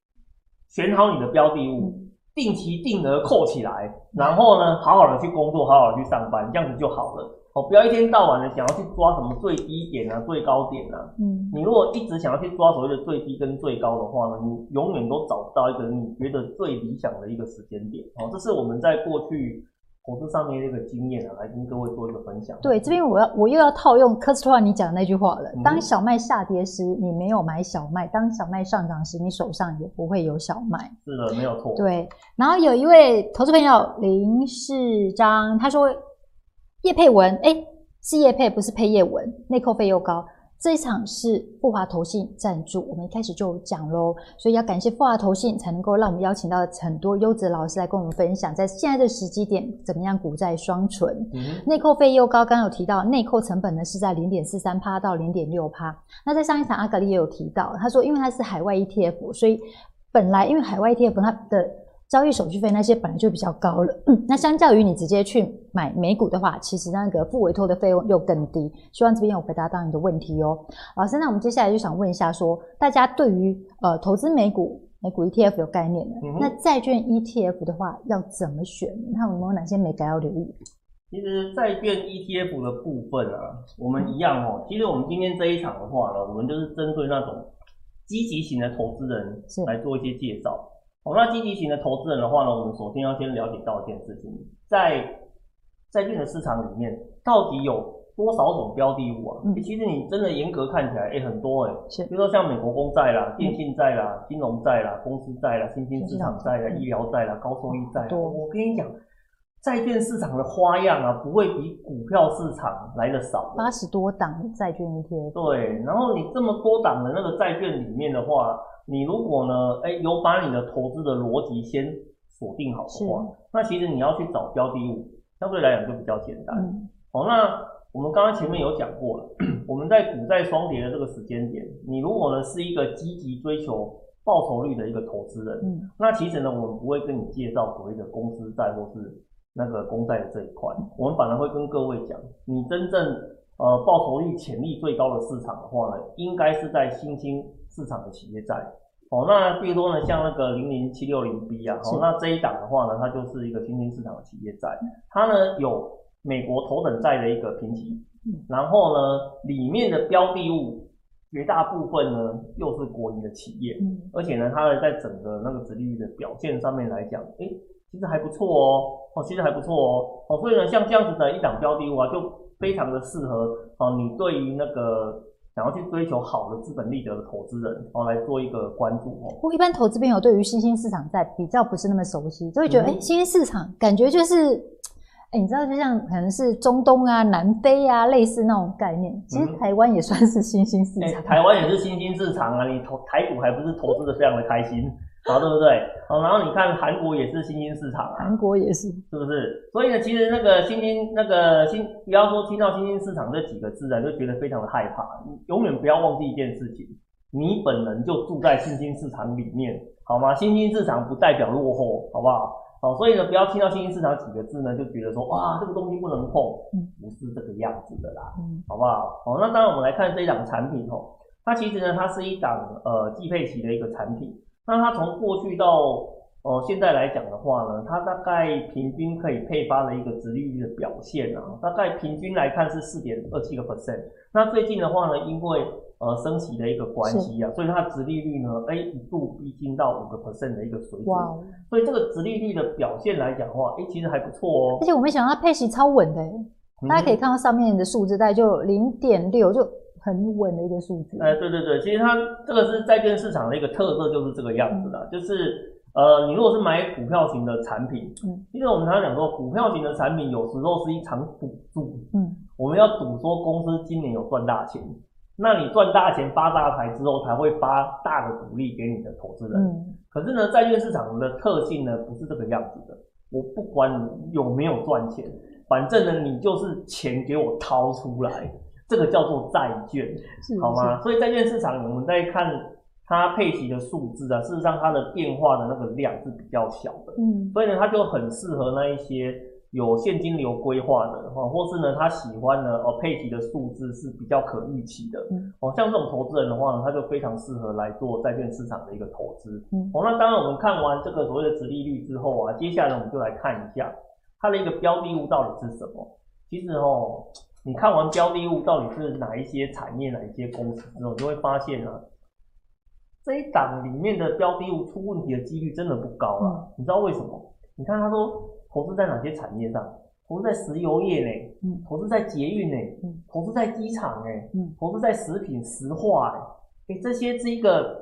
選好你的標的物，嗯、定期定額扣起來，然後呢好好的去工作，好好的去上班，這樣子就好了。哦，不要一天到晚的想要去抓什麼最低點啊、最高點啊。嗯，你如果一直想要去抓所謂的最低跟最高的話呢，你永遠都找不到一個你覺得最理想的一個時間點。哦，這是我們在過去投資上面的一個經驗啊，來跟各位做一個分享。對，這邊我要我又要套用柯斯托爾你講的那句話了：嗯、當小麥下跌時，你沒有買小麥；當小麥上漲時，你手上也不會有小麥。是的，沒有錯。對，然後有一位投資朋友林世章，他說。業配文，哎、欸，是業配，不是配業文。內扣費又高，這一場是復華投信贊助，我們一開始就講嘍，所以要感謝復華投信才能夠讓我們邀請到很多優質的老師來跟我們分享，在現在的時機點怎麼樣股債雙存，嗯、哼內扣費又高，剛剛有提到內扣成本呢是在零點四三趴到零點六趴。那在上一場阿格力也有提到，他說因為他是海外 ETF，所以本來因為海外 ETF 它的交易手續費那些本來就比較高了、嗯，那相較於你直接去買美股的話，其實那個複委託的費用又更低。希望這邊有回答到你的問題哦，老師。那我們接下來就想問一下說，說大家對於呃投資美股、美股 ETF 有概念的，嗯、哼那債券 ETF 的話要怎麼選呢？那我們有哪些眉角要留意？其實債券 ETF 的部分啊，我們一樣哦。其實我們今天這一場的話呢，我們就是針對那種積極型的投資人來做一些介紹。好、哦，那積極型的投資人的話呢，我們首先要先了解到一件事情，在，在債券的市場裡面，到底有多少種標的物啊？嗯、欸，其實你真的嚴格看起來，哎、欸，很多哎、欸，是的比如說像美國公債啦、電信債啦、金融債啦、公司債啦、新興市場債啦、嗯、醫療債啦、嗯、高收益債。對，我跟你講。債券市場的花樣啊，不會比股票市場來得少。八十多檔的債券一天。對，然後你這麼多檔的那個債券裡面的話，你如果呢，誒、欸、有把你的投資的邏輯先鎖定好的話，是那其實你要去找標的物，相對來講就比較簡單。嗯、好，那我們剛剛前面有講過了，嗯、我們在股債雙跌的這個時間點，你如果呢是一個積極追求報酬率的一個投資人，嗯、那其實呢，我們不會跟你介紹所謂的公司債或是。那個公債的這一塊，我們反而會跟各位講，你真正呃報酬率潛力最高的市場的話呢，應該是在新興市場的企業債。哦，那最多呢，像那個零零七六零 B 啊，哦，那這一檔的話呢，它就是一個新興市場的企業債，它呢有美國頭等債的一個評級，然後呢裡面的標的物絕大部分呢又是國營的企業，而且呢它呢，在整個那個殖利率的表現上面來講，哎，其實還不錯哦，哦，其實還不錯哦，哦，所以呢，像這樣子的一檔標的物啊，就非常的適合哦，你對於那個想要去追求好的資本利得的投資人哦，來做一個關注哦、喔。不過一般投資朋友對於新興市場在比較不是那麼熟悉，就會覺得哎、嗯欸，新興市場感覺就是、欸，你知道就像可能是中東啊、南非啊，類似那種概念。其實台灣也算是新興市場，嗯欸、台灣也是新興市場啊，你投台股還不是投資的非常的開心。好，對不對？好，然後你看韓國也是新興市場啊，韓國也是，是不是？所以呢，其實那個新興那個新，不要說聽到新興市場這幾個字啊，就覺得非常的害怕。你永遠不要忘記一件事情，你本人就住在新興市場裡面，好嗎？新興市場不代表落後，好不好？好，所以呢，不要聽到新興市場幾個字呢，就覺得說哇，這個東西不能碰，不是這個樣子的啦，嗯，好不好？好，那當然我們來看這一檔產品哦，它其實呢，它是一檔呃季配息的一個產品。那它從過去到呃現在來講的話呢，它大概平均可以配發的一個殖利率的表現啊，大概平均來看是四點二七個 percent。那最近的話呢，因為呃升息的一個關係啊，是所以它殖利率呢，哎一度逼近到五個 percent 的一個水準。Wow 所以這個殖利率的表現來講的話，哎、欸、其實還不錯哦、喔。而且我沒想到配息超穩的、欸，嗯、大家可以看到上面的數字帶就零點六就。很穩的一個數據。哎，對對對，其實它這個是債券市場的一個特色，就是這個樣子的，嗯、就是呃，你如果是買股票型的產品，嗯，因為我們常常講說，股票型的產品有時候是一場賭注，嗯，我們要賭說公司今年有賺大錢，那你賺大錢發大財之後才會發大的股利給你的投資人。嗯，可是呢，債券市場的特性呢不是這個樣子的，我不管你有沒有賺錢，反正呢你就是錢給我掏出來。這個叫做債券，是好嗎？所以債券市場，我們在看它配息的數字啊，事實上它的變化的那個量是比較小的，嗯，所以呢，它就很適合那一些有現金流規劃的哈、哦，或是呢，他喜歡呢，哦，配息的數字是比較可預期的，嗯、哦，像這種投資人的話呢，他就非常適合來做債券市場的一個投資，嗯、哦，那當然我們看完這個所謂的殖利率之後啊，接下來我們就來看一下它的一個標的物到底是什麼，其實哦。你看完標的物到底是哪一些產業、哪一些公司之後，你就會發現啊，這一檔裡面的標的物出問題的幾率真的不高了。嗯、你知道為什麼？你看他說投資在哪些產業上？投資在石油業呢、欸？嗯、投資在捷運呢、欸？嗯、投資在機場哎、欸？嗯、投資在食品石化哎、欸欸？這些是一個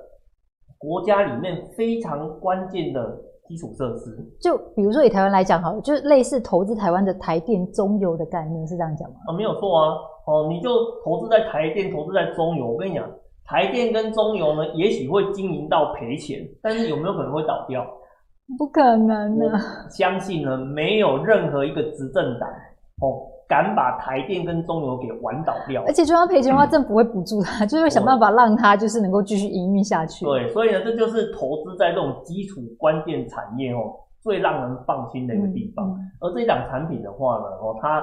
國家裡面非常關鍵的。基礎設施，就比如說以台灣來講，好，就是類似投資台灣的台電、中油的概念，是這樣講嗎？啊，沒有錯啊。哦，你就投資在台電，投資在中油。我跟你講，台電跟中油呢，也許會經營到賠錢，但是有沒有可能會倒掉？不可能的，啊，相信呢，沒有任何一個執政黨哦。敢把台電跟中油給玩倒掉，而且中央賠錢的話，政府、嗯、會補助他，嗯、就會想辦法讓他就是能夠繼續營運下去。對，所以呢，這就是投資在這種基礎關鍵產業哦，最讓人放心的一個地方。嗯嗯、而這一檔產品的話呢，哦，它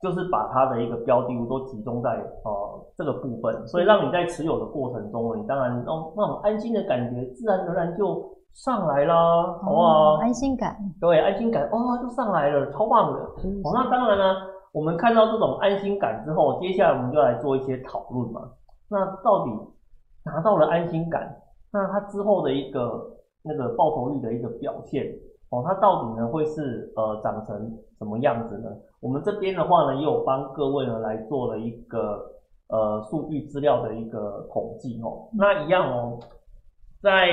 就是把它的一個標的物都集中在呃這個部分，嗯、所以讓你在持有的過程中，你當然哦那種安心的感覺自然而然就上來啦，哦、好不嗎好？安心感，對，安心感，哦，就上來了，超棒的。是是哦，那當然呢我們看到這種安心感之後，接下來我們就來做一些討論嘛。那到底拿到了安心感，那它之後的一個那個報酬率的一個表現哦，它到底呢會是呃長成什麼樣子呢？我們這邊的話呢，也有幫各位呢來做了一個呃數據資料的一個統計哦。那一樣哦，在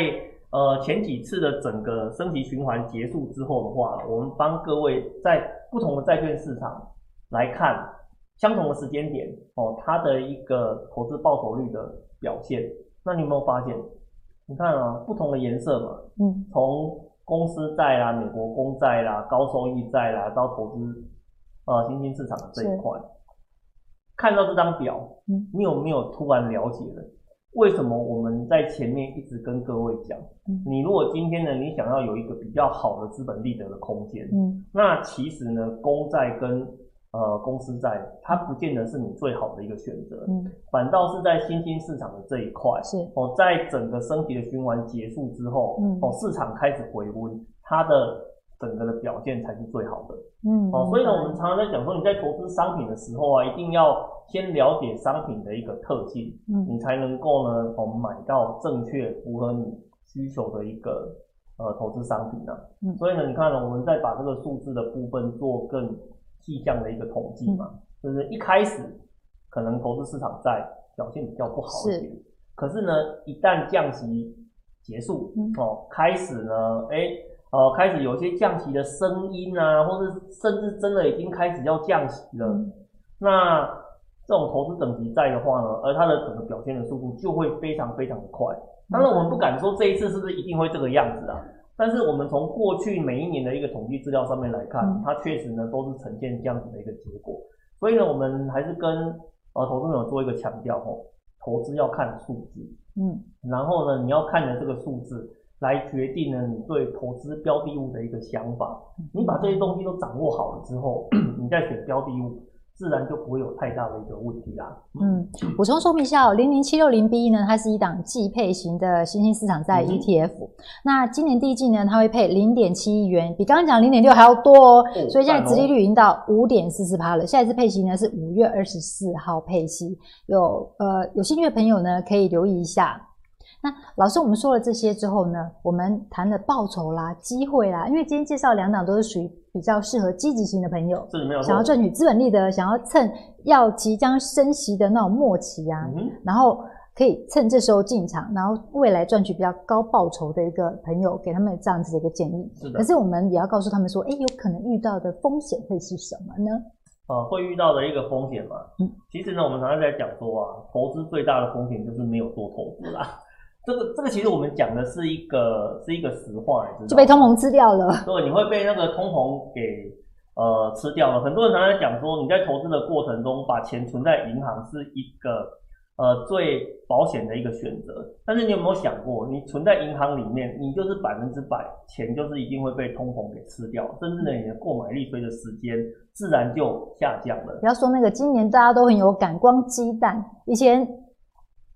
呃前幾次的整個升息循環結束之後的話，我們幫各位在不同的債券市場，來看相同的時間點哦，它的一個投資報酬率的表現。那你有沒有發現？你看啊，不同的顏色嘛，嗯，從公司債啦、美國公債啦、高收益債啦，到投資啊、呃、新興市場的這一塊，是看到這張表，你有沒有突然了解了、嗯、為什麼我們在前面一直跟各位講？嗯、你如果今天呢，你想要有一個比較好的資本利得的空間，嗯，那其實呢，公債跟呃，公司在它不見得是你最好的一個選擇，嗯，反倒是在新興市場的這一塊，是哦，在整個升息的循環結束之後，嗯，哦，市場開始回溫，它的整個的表現才是最好的，嗯，嗯哦，所以呢，我們常常在講說，你在投資商品的時候啊，一定要先了解商品的一個特性，嗯，你才能夠呢，哦，買到正確符合你需求的一個呃投資商品呢、啊，嗯，所以呢，你看呢，我們再把這個數字的部分做更。跡象的一個統計嘛，嗯、就是一開始可能投資市場在表現比較不好一點，是。可是呢，一旦降息結束、嗯、哦，開始呢，哎，哦、呃，開始有些降息的聲音啊，或是甚至真的已經開始要降息了，嗯、那這種投資等級債的話呢，而它的整個表現的速度就會非常非常的快，嗯、當然我們不敢說這一次是不是一定會這個樣子啊。但是我們從過去每一年的一個統計資料上面來看，嗯、它確實呢都是呈現這樣子的一個結果。所以呢，我們還是跟、呃、投資朋友做一個強調哦，投資要看數字，嗯，然後呢，你要看的這個數字來決定呢你對投資標的物的一個想法。你把這些東西都掌握好了之後，嗯、你再選標的物。自然就不會有太大的一個問題啦、啊嗯。嗯，補充說明一下、喔，零零七六零 B 呢，它是一檔季配型的新興市場債 ETF、嗯。那今年第一季呢，它會配零點七億元，比剛剛講零點六還要多、喔、哦。所以現在殖利率已經到五點四四趴了。下一次配息呢是五月二十四號配息，有呃有興趣的朋友呢可以留意一下。那老師，我們說了這些之後呢，我們談的報酬啦、機會啦，因為今天介紹兩檔都是屬於。比較適合積極型的朋友，想要賺取資本利得，想要趁要即將升息的那種末期啊，嗯、哼然後可以趁這時候進場，然後未來賺取比較高報酬的一個朋友，給他們這樣子的一個建議。是的。可是我們也要告訴他們說，哎、欸，有可能遇到的風險會是什麼呢？啊，會遇到的一個風險嘛。嗯。其實呢，我們常常在講說啊，投資最大的風險就是沒有做投資啦。這個這個其實我們講的是一個、嗯、是一個實話，就被通膨吃掉了。對，你會被那個通膨給呃吃掉了。很多人常常講說，你在投資的過程中，把錢存在銀行是一個呃最保險的一個選擇。但是你有沒有想過，你存在銀行裡面，你就是百分之百錢就是一定會被通膨給吃掉，甚至呢，你的購買力隨着時間自然就下降了。不要、嗯、說那個今年大家都很有感，光雞蛋以前。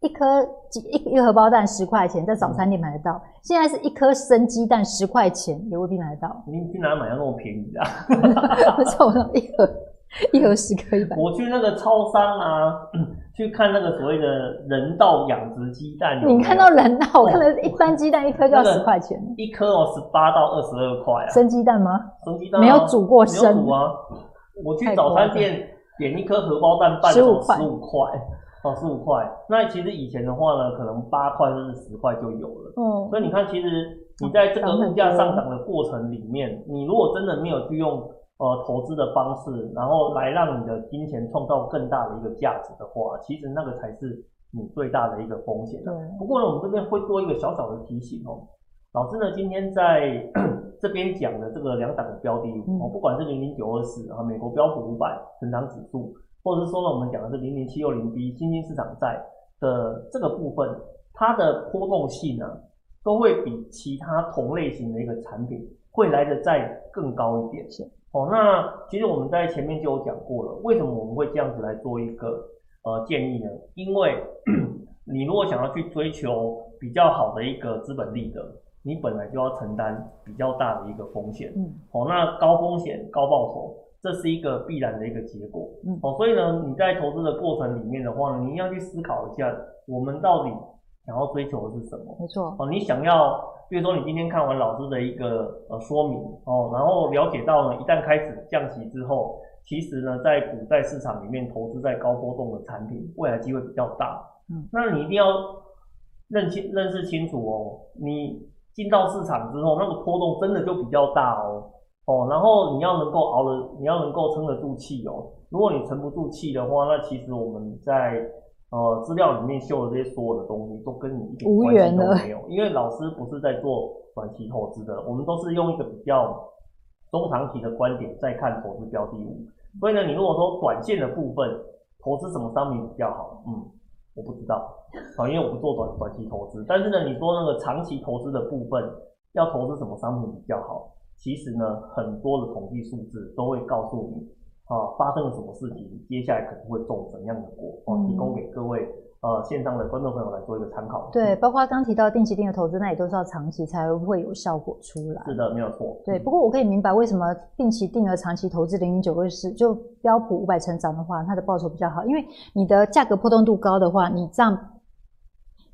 一顆雞一一荷包蛋十塊錢，在早餐店買得到。現在是一顆生雞蛋十塊錢，也未必買得到。你去哪裡買到那麼便宜的、啊？差 我多一盒一盒十顆一百塊。我去那個超商啊，去看那個所謂的人道養殖雞蛋有有。你看到人道，我看到一般雞蛋一顆就要十塊錢，一顆哦十八到二十二塊啊。生雞蛋嗎？生雞蛋、啊、沒有煮過生我煮、啊。我去早餐店點一顆荷包蛋半塊，十五塊。十、哦、五塊，那其實以前的話呢，可能八塊甚至十塊就有了。嗯，所以你看，其實你在這個物價上漲的過程裡面，嗯嗯嗯、你如果真的沒有去用呃投資的方式，然後來讓你的金錢創造更大的一個價值的話，其實那個才是你最大的一個風險、啊嗯、不過呢，我們這邊會做一個小小的提醒哦。老師呢，今天在這邊講的這個兩檔的標的，我、嗯哦、不管是零零九二四啊，美國標普五百成長指數。或者是說呢，我們講的是 00760B 新興市場債的這個部分，它的波動性呢，都會比其他同類型的一個產品會來得再更高一點。是哦，那其實我們在前面就有講過了，為什麼我們會這樣子來做一個呃建議呢？因為你如果想要去追求比較好的一個資本利得，你本來就要承擔比較大的一個風險。嗯，哦，那高風險高報酬。這是一個必然的一個結果，嗯、哦、所以呢，你在投資的過程裡面的話呢，你一定要去思考一下，我們到底想要追求的是什麼？沒錯哦，你想要，比如說你今天看完老師的一個呃說明哦，然後了解到呢，一旦開始降息之後，其實呢，在股債市場裡面投資在高波動的產品，未來機會比較大。嗯，那你一定要認清、認識清楚哦，你進到市場之後，那個波動真的就比較大哦。哦，然後你要能夠熬得，你要能夠撐得住氣哦。如果你沉不住氣的話，那其實我們在呃資料裡面秀的這些所有的東西都跟你一點關係都沒有，因為老師不是在做短期投資的，我們都是用一個比較中長期的觀點在看投資標的物。嗯、所以呢，你如果說短線的部分投資什麼商品比較好，嗯，我不知道，啊、哦，因為我不做短短期投資。但是呢，你說那個長期投資的部分，要投資什麼商品比較好？其實呢，很多的統計數字都會告訴你啊、呃，發生了什麼事情，接下來可能會種怎樣的果。嗯、提供給各位呃線上的觀眾朋友來做一個參考。對，嗯、包括剛提到定期定額投資，那也都是要長期才會有效果出來。是的，沒有錯。對，嗯、不過我可以明白為什麼定期定額長期投資零零九個是就標普五百成長的話，它的報酬比較好，因為你的價格波動度高的話，你這樣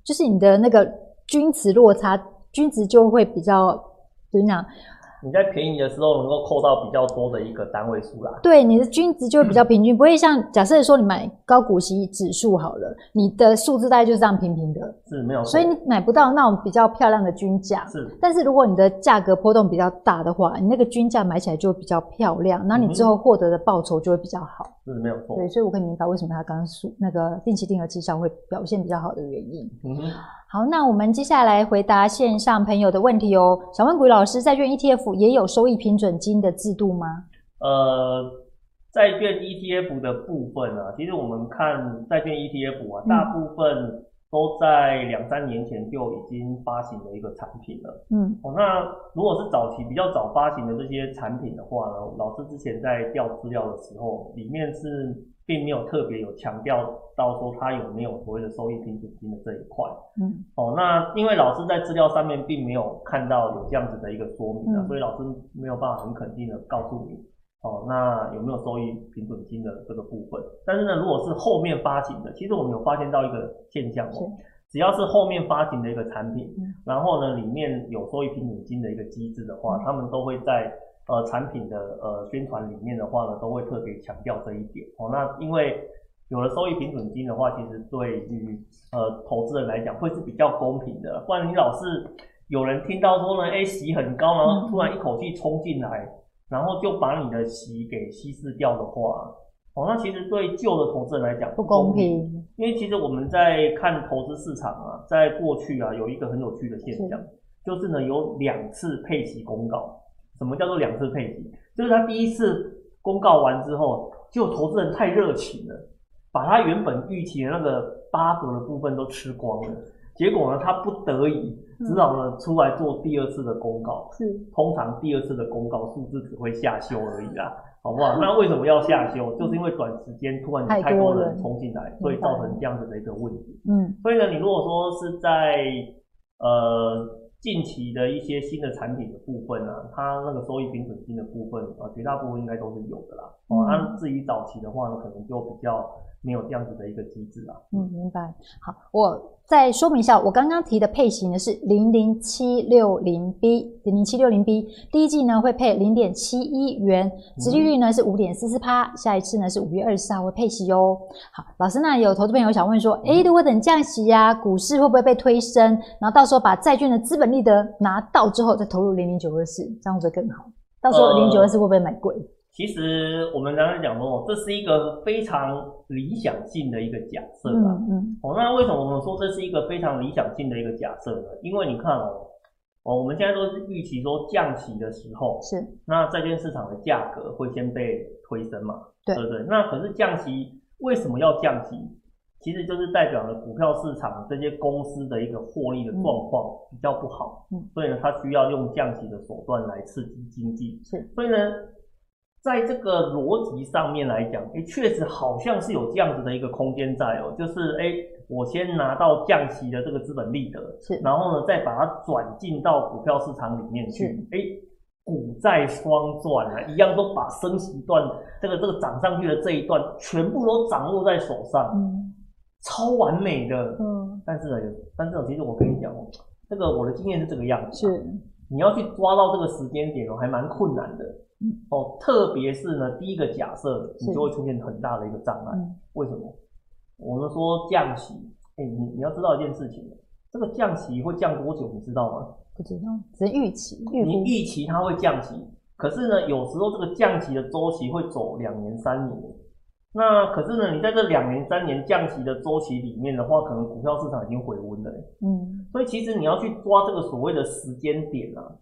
就是你的那個均值落差，均值就會比較就是講。你在便宜的時候能夠扣到比較多的一個單位數啦，對，你的均值就會比較平均，不會像假設說你買高股息指數好了，你的數字大概就是這樣平平的，是沒有錯，所以你買不到那種比較漂亮的均價，是，但是如果你的價格波動比較大的話，你那個均價買起來就會比較漂亮，那你之後獲得的報酬就會比較好。沒有錯，對，所以我可以明白為什麼他剛剛說那個定期定額績效會表現比較好的原因。嗯、哼好，那我們接下來回答線上朋友的問題哦。想問股魚老師，債券 ETF 也有收益平準金的制度嗎？呃，債券 ETF 的部分啊，其實我們看債券 ETF 啊，大部分、嗯。都在兩三年前就已經發行的一個產品了。嗯，哦，那如果是早期比較早發行的這些產品的話呢，老師之前在調資料的時候，裡面是並沒有特別有強調到說它有沒有所謂的收益平準金的這一塊。嗯，哦，那因為老師在資料上面並沒有看到有這樣子的一個說明的，嗯、所以老師沒有辦法很肯定的告訴你。哦，那有沒有收益平準金的這個部分？但是呢，如果是後面發行的，其實我們有發現到一個現象、哦，只要是後面發行的一個產品，然後呢，裡面有收益平準金的一個機制的話，他們都會在呃產品的呃宣傳裡面的話呢，都會特別強調這一點。哦，那因為有了收益平準金的話，其實對於呃投資人來講會是比較公平的，不然你老是有人聽到說呢，哎、欸，息很高，然後突然一口氣衝進來。 然後就把你的息給稀釋掉的話，啊、好、哦、那其實對舊的投資人來講不公平，公平因為其實我們在看投資市場啊，在過去啊有一個很有趣的現象，是就是呢有兩次配息公告。什麼叫做兩次配息？就是他第一次公告完之後，就投資人太熱情了，把他原本預期的那個八折的部分都吃光了，結果呢他不得已。至少呢，出來做第二次的公告，嗯、通常第二次的公告數字只會下修而已啦，是好不好？那為什麼要下修？嗯、就是因為短時間突然有太多人衝進來，所以造成這樣子的一個問題。嗯，所以呢，你如果說是在呃近期的一些新的產品的部分呢、啊，它那個收益平準金的部分啊，絕大部分應該都是有的啦。那、嗯、至於早期的話呢，可能就比較。沒有這樣子的一個機制啊、嗯。嗯，明白。好，我再說明一下，我剛剛提的配息呢是零零七六零 B，零零七六零 B 第一季呢會配零點七一元，殖利率呢是五點四四趴，下一次呢是五月二十四號會配息喲、哦。好，老師那，那有投資朋友想問說，誒、欸、如果等降息呀、啊，股市會不會被推升？然後到時候把債券的資本利得拿到之後，再投入零零九二四，這樣子更好。到時候零零九二四會不會買貴？嗯其實我們剛才講說，這是一個非常理想性的一個假設吧、啊。嗯，嗯哦，那為什麼我們說這是一個非常理想性的一個假設呢？因為你看哦，哦我們現在都是預期說降息的時候，是。那債券市場的價格會先被推升嘛？對對，不對。那可是降息為什麼要降息？其實就是代表了股票市場這些公司的一個獲利的狀況比較不好。嗯。所以呢，它需要用降息的手段來刺激經濟。是。所以呢。在這個邏輯上面來講，誒、欸、確實好像是有這樣子的一個空間在哦、喔，就是誒、欸、我先拿到降息的這個資本利得，是然後呢，再把它轉進到股票市場裡面去，誒是、欸、股債雙賺啊，一樣都把升息段這個這個漲上去的這一段全部都掌握在手上，嗯，超完美的，嗯，但是呢，但是其實我跟你講哦、喔，這個我的經驗是這個樣子，是你要去抓到這個時間點哦、喔，還蠻困難的。哦，特別是呢，第一個假設你就會出現很大的一個障礙。嗯、為什麼？我們說降息，哎、欸，你你要知道一件事情，這個降息會降多久，你知道嗎？不知道，只是預期。預期你預期它會降息，可是呢，有時候這個降息的週期會走兩年三年。那可是呢，你在這兩年三年降息的週期裡面的話，可能股票市場已經回溫了、欸。嗯。所以其實你要去抓這個所謂的時間點啊。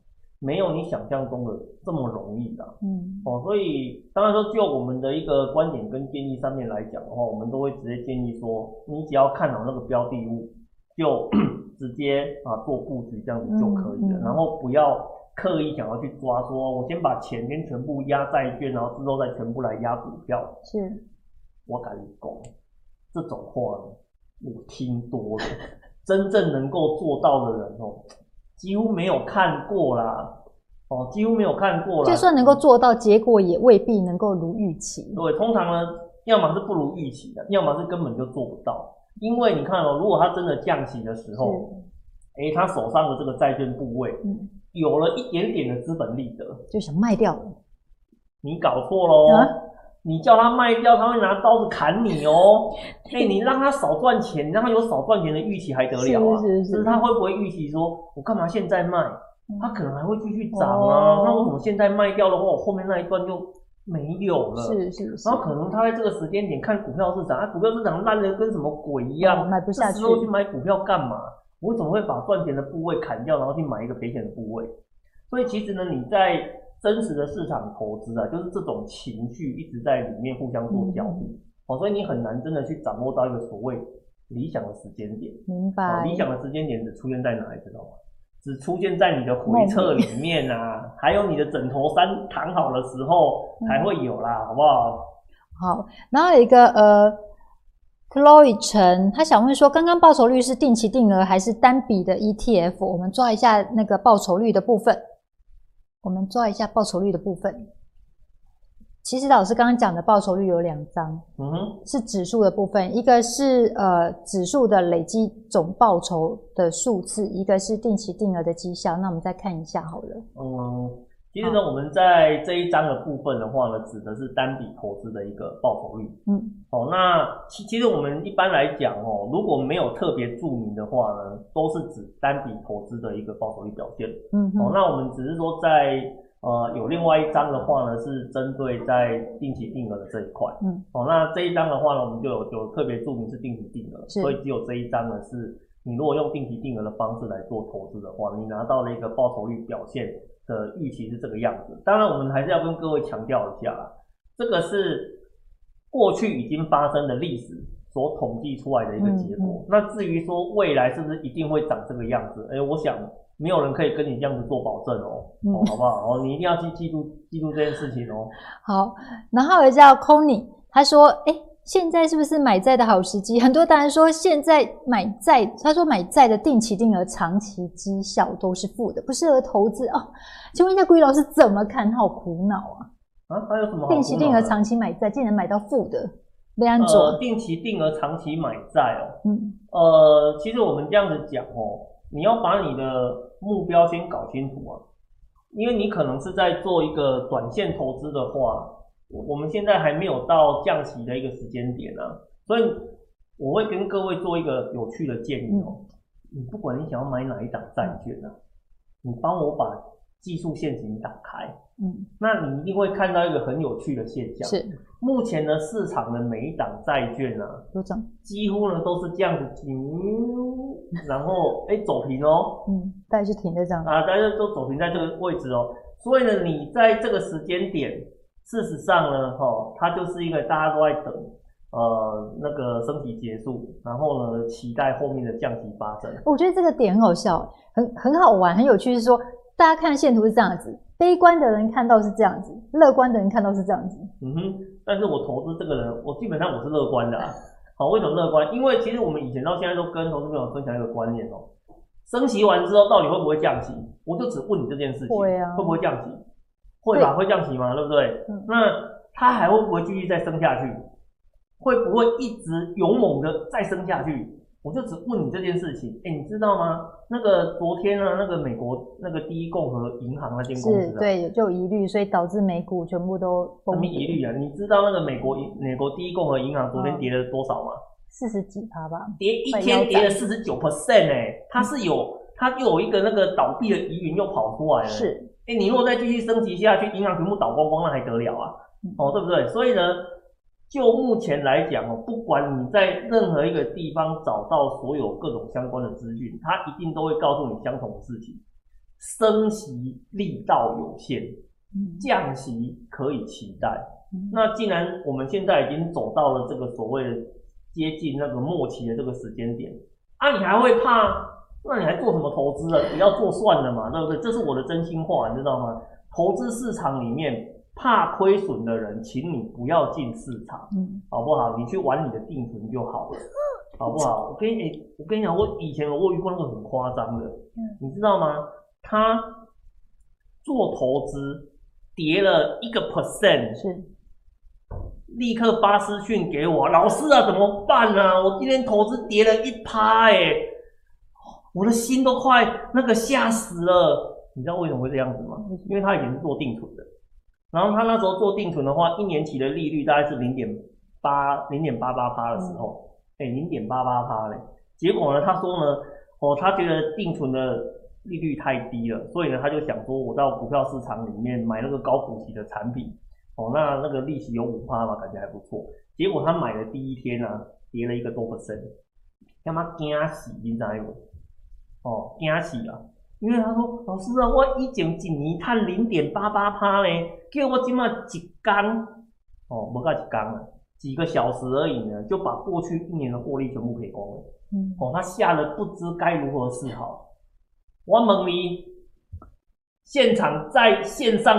沒有你想象中的這麼容易的、啊，嗯哦，所以當然說，就我們的一個觀點跟建議上面來講的話，我們都會直接建議說，你只要看好那個標的物，就 直接啊做佈局這樣子就可以了，嗯嗯，然後不要刻意想要去抓說，說我先把錢先全部壓債券，然後之後再全部來壓股票。是，我敢講，這種話我聽多了， 真正能夠做到的人哦。幾乎沒有看過啦，哦、喔，幾乎沒有看過啦。就算能夠做到，結果也未必能夠如預期。對，通常呢，要麼是不如預期的，要麼是根本就做不到。因為你看哦、喔，如果他真的降息的時候，誒是、欸、他手上的這個債券部位、嗯、有了一點點的資本利得，就想賣掉。你搞錯咯。你叫他賣掉，他會拿刀子砍你哦、喔！哎、 欸，你讓他少賺錢，你讓他有少賺錢的預期還得了啊？就是，是，是，是他會不會預期說，我幹嘛現在賣？嗯、他可能還會繼續漲啊。哦、那我怎麼現在賣掉的話，我後面那一段就沒有了？是是，是。是然後可能他在這個時間點看股票市場，啊股票市場爛的跟什麼鬼一樣，那、嗯、買不下去。這時候去買股票幹嘛？我怎麼會把賺錢的部位砍掉，然後去買一個賠錢的部位？所以其實呢，你在。真實的市場投資啊，就是這種情緒一直在裡面互相做交易，嗯嗯哦，所以你很難真的去掌握到一個所謂理想的時間點。明白、哦。理想的時間點只出現在哪裡？知道嗎？只出現在你的回測裡面啊，里還有你的枕頭山躺好的時候、嗯、才會有啦，好不好？好。然後有一個呃 Chloe 陳他想問說，剛剛報酬率是定期定額還是單筆的 ETF？我們抓一下那個報酬率的部分。我們抓一下報酬率的部分。其實老師剛剛講的報酬率有兩張，嗯，是指數的部分，一個是呃指數的累積總報酬的數字，一個是定期定額的績效。那我們再看一下好了。嗯其實呢，我們在這一章的部分的話呢，指的是單筆投資的一個報酬率。嗯，好、哦、那其其實我們一般來講哦，如果沒有特別註明的話呢，都是指單筆投資的一個報酬率表現。嗯哼，好、哦、那我們只是說在呃有另外一章的話呢，是針對在定期定額的這一塊。嗯，好、哦、那這一章的話呢，我們就有，就有特別註明，是定期定額，是所以只有這一章呢是，你如果用定期定額的方式來做投資的話，你拿到了一個報酬率表現。的預期是這個樣子，當然我們還是要跟各位強調一下，這個是過去已經發生的歷史所統計出來的一個結果。嗯嗯，那至於說未來是不是一定會長這個樣子？誒我想沒有人可以跟你這樣子做保證哦，嗯、哦好不好？你一定要去記住記住這件事情哦。好，然後有叫 Conny，他說，哎。現在是不是買債的好時機？很多大人說現在買債，他說買債的定期定額、長期績效都是負的，不適合投資哦、啊。請問一下，股魚老師怎麼看？好苦惱啊！啊，還有什麼？定期定額長期買債，竟然買到負的？梁總、呃，定期定額長期買債哦，嗯，呃，其實我們這樣子講哦，你要把你的目標先搞清楚啊，因為你可能是在做一個短線投資的話。我們現在還沒有到降息的一個時間點呢、啊，所以我會跟各位做一個有趣的建議哦。嗯、你不管你想要買哪一檔債券呢、啊，你幫我把技術線型打開，嗯，那你一定會看到一個很有趣的現象，是目前的市場的每一檔債券、啊、長幾乎呢，都漲，幾乎呢都是這樣子停 然後誒走平哦，嗯，但是停在這樣子，啊，但是都走平在這個位置哦，所以呢，你在這個時間點。事實上呢，哈、哦，它就是因為大家都在等，呃，那個升息結束，然後呢，期待後面的降息發生。我覺得這個點很好笑，很很好玩，很有趣。是說，大家看的線圖是這樣子，悲觀的人看到是這樣子，樂觀的人看到是這樣子。嗯哼，但是我投資這個人，我基本上我是樂觀的啊。好，為什麼樂觀？因為其實我們以前到現在都跟投資朋友分享一個觀念哦，升息完之後到底會不會降息？我就只問你這件事情，啊、會不會降息？會吧，會降息嗎？對不對？嗯、那它還會不會繼續再升下去？會不會一直勇猛的再升下去？我就只問你這件事情。誒你知道嗎？那個昨天啊，那個美國那個第一共和銀行那間公司，對，就有疑慮，所以導致美股全部都崩。什麼疑慮啊？你知道那個美國美國第一共和銀行昨天跌了多少嗎？啊、四十幾趴吧，跌一天跌了四十九 percent，哎，它是有。嗯它就有一個那個倒閉的疑雲又跑出來了。是，誒、欸、你如果再繼續升息下去，銀行全部倒光光，那還得了啊？哦，對不對？所以呢，就目前來講哦，不管你在任何一個地方找到所有各種相關的資訊，它一定都會告訴你相同的事情。升息力道有限，降息可以期待。嗯、那既然我們現在已經走到了這個所謂的接近那個末期的這個時間點，啊，你還會怕？那你還做什麼投資啊？不要做算了嘛，對不對？這是我的真心話，你知道嗎？投資市場裡面怕虧損的人，請你不要進市場，嗯，好不好？你去玩你的定存就好了，好不好？我跟你，我跟你講，我以前我遇過那個很誇張的，嗯、你知道嗎？他做投資跌了一個 percent，是，立刻發私訊給我，老師啊，怎麼辦啊？我今天投資跌了一趴，哎、欸。我的心都快那個嚇死了，你知道為什麼會這樣子嗎？因為他以前是做定存的，然後他那時候做定存的話，一年期的利率大概是零點八零點八八趴的時候，哎、嗯，零點八八趴嘞。結果呢，他說呢，哦，他覺得定存的利率太低了，所以呢，他就想說，我到股票市場裡面買那個高股息的產品，哦，那那個利息有五趴嘛，感覺還不錯。結果他買的第一天呢、啊，跌了一個多 percent，他媽驚死你，知道哦，驚死啦！因為他說，老師啊，我以前一年看零點八八趴呢，給我今麥一剛，哦，不，不是一剛了，幾個小時而已呢，就把過去一年的獲利全部賠光了。哦，他嚇得不知該如何是好。我問你，現場在線上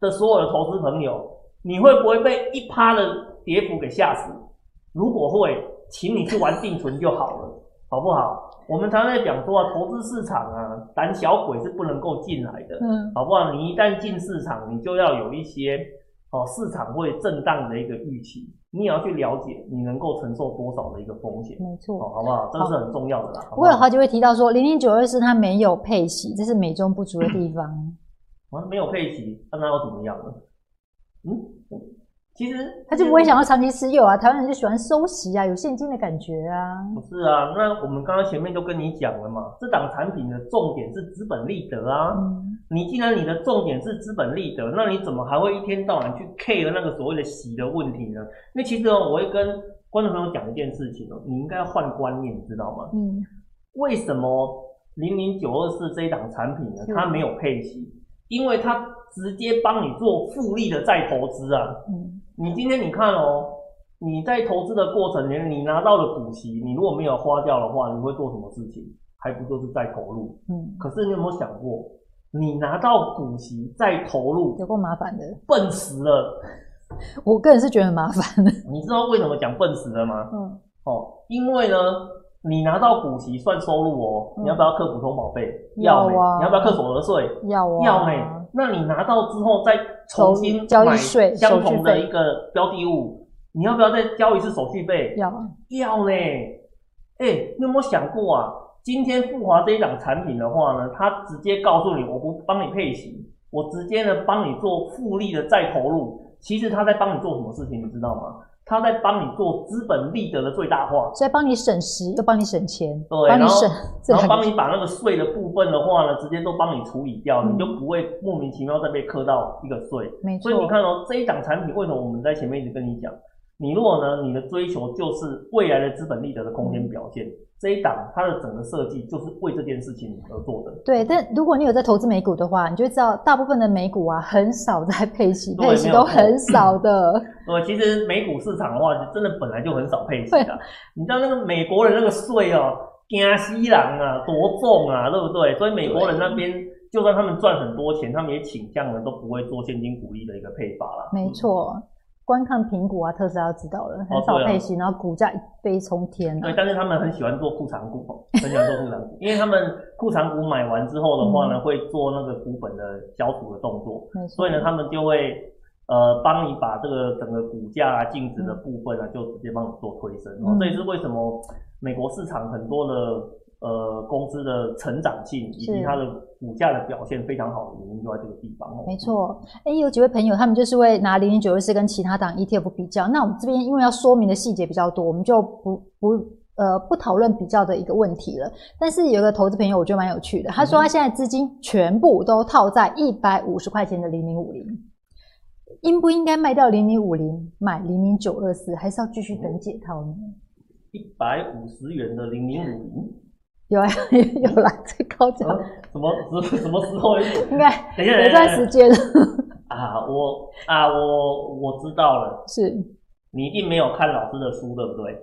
的所有的投資朋友，你會不會被一趴的跌幅給嚇死？如果會，請你去玩定存就好了，好不好？我們常常在講說啊，投資市場啊，膽小鬼是不能夠進來的，嗯，好不好？你一旦進市場，你就要有一些哦，市場會震盪的一個預期，你也要去了解你能夠承受多少的一個風險，沒錯、哦，好不好？這個是很重要的啦。我有好幾位提到說，零零九二四它沒有配息，這是美中不足的地方。啊，沒有配息，那要怎麼樣呢？嗯。嗯其實他就不會想要長期持有啊，台灣人就喜歡收息啊，有現金的感覺啊。不是啊，那我們剛剛前面都跟你講了嘛，這檔產品的重點是資本利得啊。嗯。你既然你的重點是資本利得，那你怎麼還會一天到晚去 care 那個所謂的息的問題呢？那其實呢，我會跟觀眾朋友講一件事情哦，你應該要換觀念，知道嗎？嗯。為什麼零零九二四這一檔產品呢？我它沒有配息，因為它直接幫你做複利的再投資啊。嗯。你今天你看哦，你在投資的過程裡，你拿到了股息，你如果沒有花掉的話，你會做什麼事情？還不就是再投入？嗯。可是你有沒有想過，你拿到股息再投入，有夠麻煩的，笨死了。我個人是覺得很麻煩。你知道為什麼講笨死了嗎？嗯。哦，因為呢，你拿到股息算收入哦，嗯、你要不要扣普通保費？要啊。你要不要扣所得稅？要啊。要沒？那你拿到之後再重新買相同的一個標的物，你要不要再交一次手續費？要要嘞、欸，哎、欸，你有沒有想過啊？今天復華這一檔產品的話呢，他直接告訴你，我不幫你配型，我直接呢幫你做複利的再投入，其實他在幫你做什麼事情，你知道嗎？他在幫你做資本利得的最大化，所以幫你省時，又幫你省錢，對，幫你省，然後幫你把那個稅的部分的話呢，直接都幫你處理掉，嗯、你就不會莫名其妙再被課到一個稅。沒錯、嗯，所以你看哦、喔，這一檔產品為什麼我們在前面一直跟你講？錯你如果呢，你的追求就是未來的資本利得的空間表現，嗯、這一檔它的整個設計就是為這件事情而做的。對，但如果你有在投資美股的話，你就知道大部分的美股啊，很少在配息，對配息都很少的。有 對，其實美股市場的話，真的本來就很少配息的。對你知道那個美國人那個稅哦、喔，驚死人啊，多重啊，對不對？所以美國人那邊對就算他們賺很多錢，他們也傾向的都不會做現金股利的一個配發啦。沒錯。觀看蘋果啊，特斯拉都知道了，很少配息，哦啊、然後股價一飛沖天、啊。對，但是他們很喜歡做庫藏股， 很喜歡做庫藏股，因為他們庫藏股買完之後的話呢，嗯、會做那個股本的消除的動作，嗯、所以呢，他們就會呃幫你把這個整個股價淨、啊、值的部分呢、啊，就直接幫你做推升。這也、嗯、是為什麼美國市場很多的。呃，公司的成長性以及它的股價的表現非常好的原因是就在這個地方。沒錯，哎，有幾位朋友他們就是會拿零零九二四跟其他檔 ETF 比較。那我們這邊因為要說明的細節比較多，我們就不不呃不討論比較的一個問題了。但是有一個投資朋友我覺得蠻有趣的，他說他現在資金全部都套在一百五十塊錢的零零五零，應不應該賣掉零零五零買零零九二四，還是要繼續等解套呢？一百五十元的零零五零。有啊、哎，有啦，最高獎、嗯、什麼？什麼什麼時候？應該 Okay, 等一下，等一段時間了啊！我啊，我我知道了，是你一定沒有看老師的書，對不對？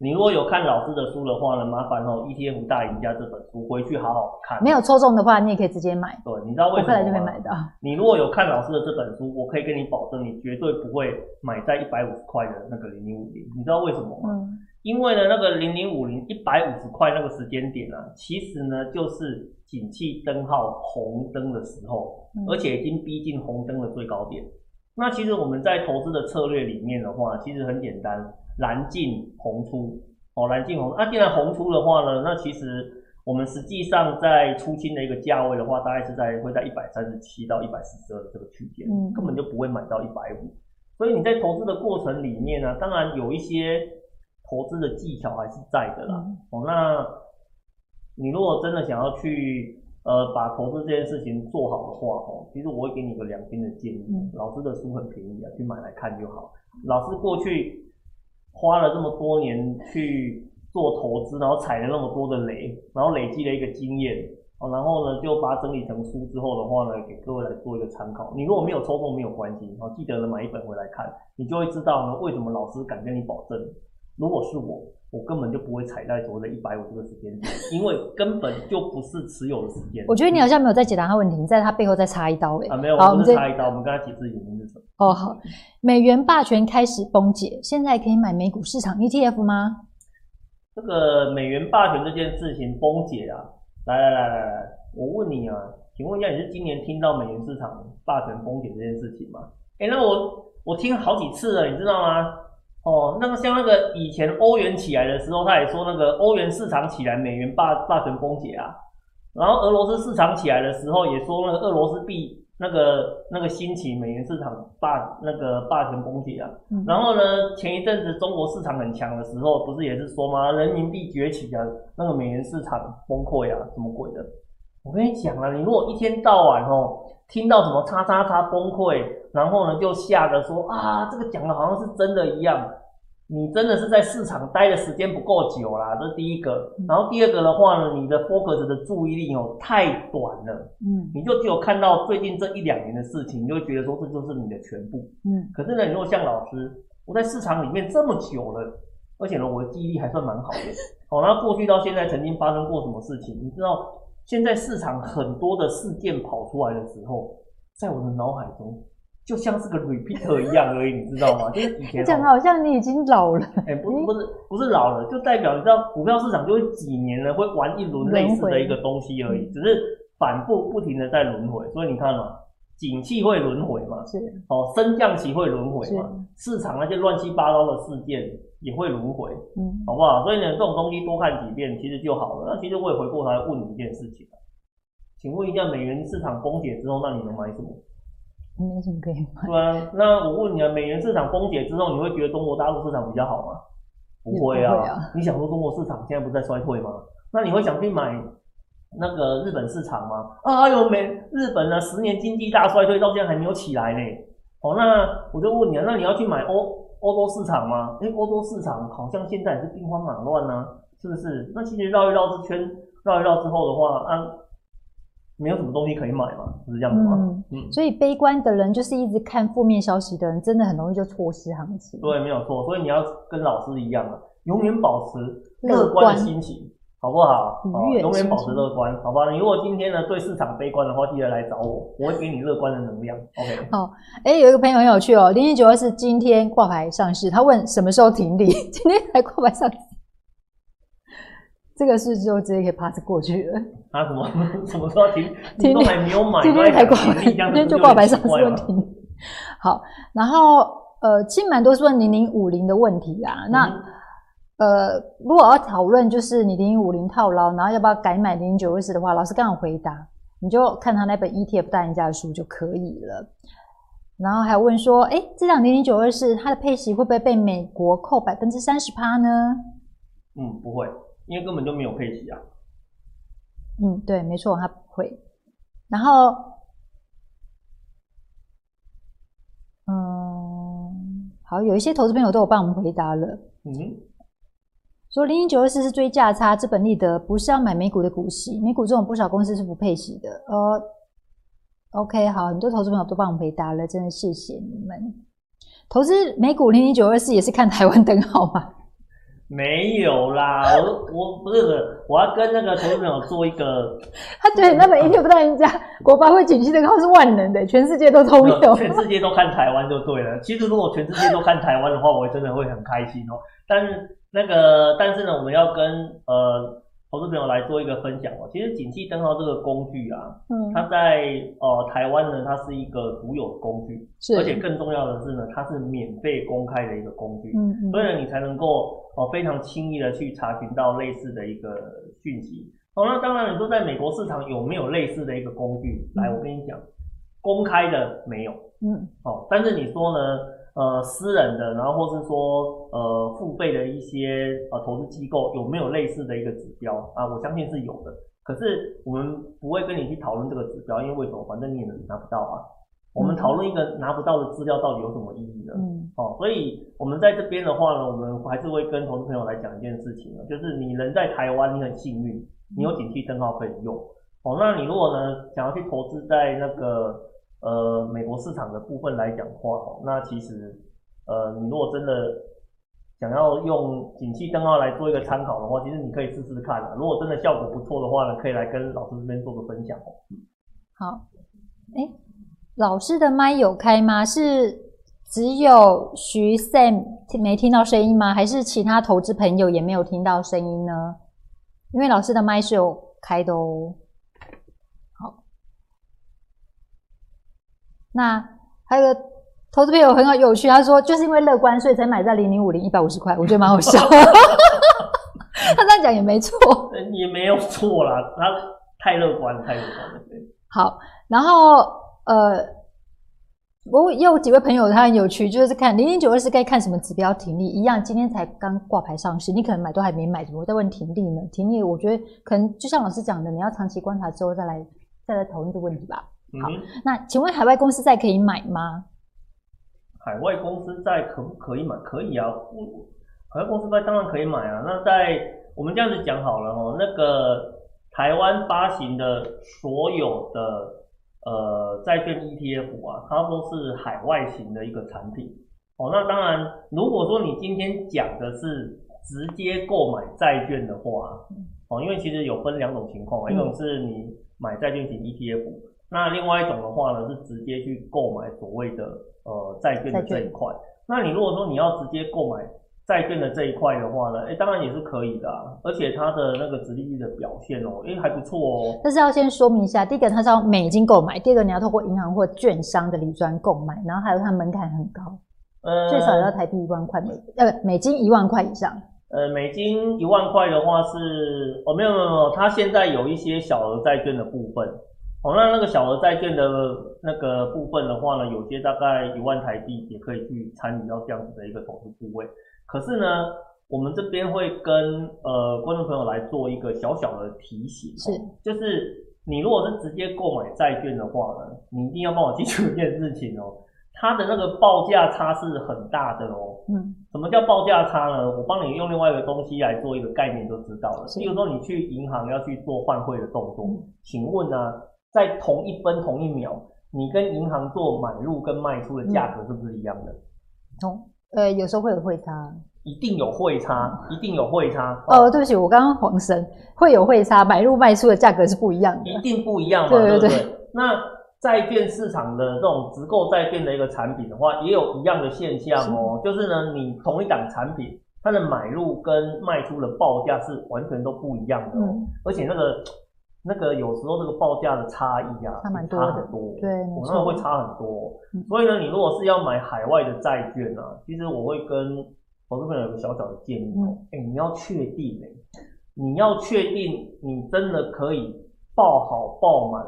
你如果有看老師的書的話呢，麻煩哦，《ETF 大贏家》這本書回去好好看。沒有抽中的話，你也可以直接買。對，你知道為什麼嗎？我後來就沒買到。你如果有看老師的這本書，我可以跟你保證，你絕對不會買在一百五十塊的那個零零五零。你知道為什麼嗎？嗯因為呢，那個零零五零一百五十塊那個時間點啊，其實呢就是景氣燈號紅燈的時候，而且已經逼近紅燈的最高點。嗯、那其實我們在投資的策略裡面的話，其實很簡單，藍進紅出，哦，藍進紅。那、啊、既然紅出的話呢，那其實我們實際上在出清的一個價位的話，大概是在會在一百三十七到一百四十二這個區間，嗯、根本就不會買到一百五。所以你在投資的過程裡面呢、啊，當然有一些。投資的技巧還是在的啦。嗯、哦，那你如果真的想要去呃把投資這件事情做好的話，哦，其實我會給你個良心的建議。嗯、老師的書很便宜啊，去買來看就好。嗯、老師過去花了這麼多年去做投資，然後踩了那麼多的雷，然後累積了一個經驗，哦，然後呢就把它整理成書之後的話呢，給各位來做一個參考。你如果沒有抽中沒有關係，哦，記得了，買一本回來看，你就會知道呢為什麼老師敢跟你保證。如果是我，我根本就不會踩在所謂的一百五這個時間，因為根本就不是持有的時間。我覺得你好像沒有在解答他問題，你在他背後再插一刀哎。啊，沒有，好我們不是插一刀，我們，我們跟他解釋原因就是什麼。哦好，好，美元霸權開始崩解，現在可以買美股市場 ETF 嗎？這個美元霸權這件事情崩解啊！來來來來來，我問你啊，請問一下，你是今年聽到美元市場霸權崩解這件事情嗎？哎、欸，那我我聽好幾次了，你知道嗎？哦，那個像那個以前歐元起來的時候，他也說那個歐元市場起來，美元霸霸權崩解啊。然後俄羅斯市場起來的時候，也說那個俄羅斯幣那個那個興起，美元市場霸那個霸權崩解啊。嗯、然後呢，前一陣子中國市場很強的時候，不是也是說嗎？人民幣崛起啊，那個美元市場崩潰啊，什麼鬼的？我跟你講啊，你如果一天到晚哦，聽到什麼叉叉叉崩潰。然後呢，就嚇得說啊，這個講的好像是真的一樣，你真的是在市場待的時間不夠久啦。這是第一個。然後第二個的話呢，你的 focus 的注意力哦太短了，嗯，你就只有看到最近這一兩年的事情，你就覺得說這就是你的全部，嗯。可是呢，你如果像老師，我在市場裡面這麼久了，而且呢，我的記憶力還算蠻好的，好， 然後過去到現在曾經發生過什麼事情，你知道，現在市場很多的事件跑出來的時候，在我的腦海中。就像是個 repeater 一樣而已，你知道嗎？就是以前講的好像你已經老了，欸、不是不是，不是老了，欸、就代表你知道股票市場就會幾年了會玩一輪類似的一個東西而已，回只是反復不停的在輪回。嗯、所以你看嘛，景氣會輪回嘛，是哦，升降息會輪回嘛，是市場那些亂七八糟的事件也會輪回，嗯，好不好？所以呢，這種東西多看幾遍其實就好了。那其實我也回過頭來問你一件事情，請問一下，美元市場崩解之後，那你能買什麼？沒、嗯、什麼可以買。對啊，那我問你啊，美元市場崩解之後，你會覺得中國大陸市場比較好嗎？是不會啊，會啊，你想說中國市場現在不在衰退嗎？那你會想去買那個日本市場嗎？啊、哎呦，美日本啊，十年經濟大衰退到現在還沒有起來呢。好、哦，那我就問你啊，那你要去買歐歐洲市場嗎？因為歐洲市場好像現在也是兵荒馬亂啊，是不是？那其實繞一繞這圈，繞一繞之後的話啊。沒有什麼東西可以買嘛，就是這樣子嘛。嗯，嗯，所以悲觀的人就是一直看負面消息的人，真的很容易就錯失行情。對，沒有錯。所以你要跟老師一樣啊，永遠保持樂觀的心情，觀好不好？好，永遠觀好好，永遠保持樂觀，好吧？你如果今天呢對市場悲觀的話，記得來找我，我會給你樂觀的能量。 OK。好，哎、欸，有一個朋友很有趣哦，零零九二四今天掛牌上市，他問什麼時候停利？今天才掛牌上市。這個事之後直接可以 pass 過去了，那、啊、什麼什麼時候停？今天還沒有買，今天才掛，今天就掛牌上市問停。好，然後呃，進蠻多問零零五零的問題啊，嗯、那呃，如果要討論就是你零零五零套牢，然後要不要改買零零九二四的話，老師剛好回答，你就看他那本 E T F 大贏家的書就可以了。然後還有問說，哎、欸，這張零零九二四它的配息會不會被美國扣百分之三十八呢？嗯，不會。因為根本就沒有配息啊。嗯，對，沒錯，他不會。然後，嗯，好，有一些投資朋友都有幫我們回答了。嗯，說零零九二四是追價差資本利得，不是要買美股的股息。美股這種不少公司是不配息的。呃，OK，好，很多投資朋友都幫我們回答了，真的謝謝你們。投資美股零零九二四也是看台灣燈號嗎？沒有啦，我我不是我要跟那個投資朋友做一個。 他覺得你那本一天不到，人家國發會景氣的，他是萬能的，全世界都通用。全世界都看台灣就對了。其實如果全世界都看台灣的話，我也真的會很開心哦、喔。但是那個，但是呢，我們要跟呃。投資朋友來做一個分享哦，其實景氣燈號這個工具啊，嗯，它在呃台灣呢，它是一個獨有的工具，是而且更重要的是呢，它是免費公開的一個工具，嗯，嗯，所以呢，你才能夠、呃、非常輕易的去查詢到類似的一個訊息。哦，那當然你說在美國市場有沒有類似的一個工具？來，我跟你講，公開的沒有，嗯、哦，但是你說呢？呃，私人的，然後或是說，呃，付費的一些呃投資機構有沒有類似的一個指標啊？我相信是有的，可是我們不會跟你去討論這個指標，因為為什麼？反正你也拿不到啊。我們討論一個拿不到的資料，到底有什麼意義呢？嗯。哦，所以我們在這邊的話呢，我們還是會跟投資朋友來講一件事情了，就是你人在台灣，你很幸運，你有景氣燈號可以用。嗯、哦，那你如果呢，想要去投資在那個。呃，美國市場的部分來講話，那其實，呃，你如果真的想要用景氣燈號來做一個參考的話，其實你可以試試看，啊。如果真的效果不錯的話呢，可以來跟老師這邊做個分享好，誒、欸、老師的麥有開嗎？是只有徐 Sam 沒聽到聲音嗎？還是其他投資朋友也沒有聽到聲音呢？因為老師的麥是有開的哦。那還有個投資朋友很好有趣，他說就是因為樂觀，所以才買在零零五零一百五十塊，我覺得蠻好笑的。 他這樣講也沒錯，也沒有錯啦，他太樂觀，太樂觀了。對好，然後呃，我有幾位朋友他很有趣，就是看零零九二是該看什麼指標停、停利一樣，今天才剛掛牌上市，你可能買都還沒買。怎麼會在問停利呢？停利，我覺得可能就像老師講的，你要長期觀察之後再來再來討論這個問題吧。嗯、好，那請問海外公司債可以買嗎？海外公司債可不可以買？可以啊，不，海外公司債當然可以買啊。那在我們這樣子講好了哦、喔，那個台灣發行的所有的呃債券 ETF 啊，它都是海外型的一個產品哦、喔。那當然，如果說你今天講的是直接購買債券的話哦，嗯、因為其實有分兩種情況，一種是你買債券型 ETF。那另外一種的話呢，是直接去購買所謂的呃債券的這一塊。券那你如果說你要直接購買債券的這一塊的話呢，哎、欸，當然也是可以的啊，而且它的那個殖利率的表現哦、喔，哎、欸、還不錯哦、喔。但是要先說明一下，第一個它是要美金購買，第二個你要透過銀行或券商的理專購買，然後還有它門檻很高，呃、嗯，最少要台幣一萬塊美，呃，美金一萬塊以上。呃、嗯，美金一萬塊的話是，哦，沒有沒有沒有，它現在有一些小額債券的部分。好、哦，那那個小額債券的那個部分的話呢，有些大概一萬台幣也可以去參與到這樣子的一個投資部位。可是呢，我們這邊會跟呃觀眾朋友來做一個小小的提醒，是哦、就是你如果是直接購買債券的話呢，你一定要幫我記住一件事情哦，它的那個報價差是很大的哦。嗯，什麼叫報價差呢？我幫你用另外一個東西來做一個概念就知道了。譬如說你去銀行要去做換匯的動作，嗯、請問呢、啊？在同一分同一秒，你跟銀行做買入跟賣出的價格是不是一樣的？同、嗯哦、呃，有時候會有匯差，一定有匯差，一定有匯差。嗯、哦，哦，對不起，我剛剛恍神會有匯差，買入賣出的價格是不一樣的，一定不一樣嘛？對對對。對不對？那債券市場的這種直購債券的一個產品的話，也有一樣的現象哦，是的就是呢，你同一檔產品它的買入跟賣出的報價是完全都不一樣的，哦。嗯、而且那個。那個有時候這個報價的差異啊，差很多，對，我認為會差很多。嗯、所以呢，你如果是要買海外的債券呢、啊，其實我會跟投資朋友有個小小的建議，誒，你要確定哎，你要確定、欸、定你真的可以報好報滿，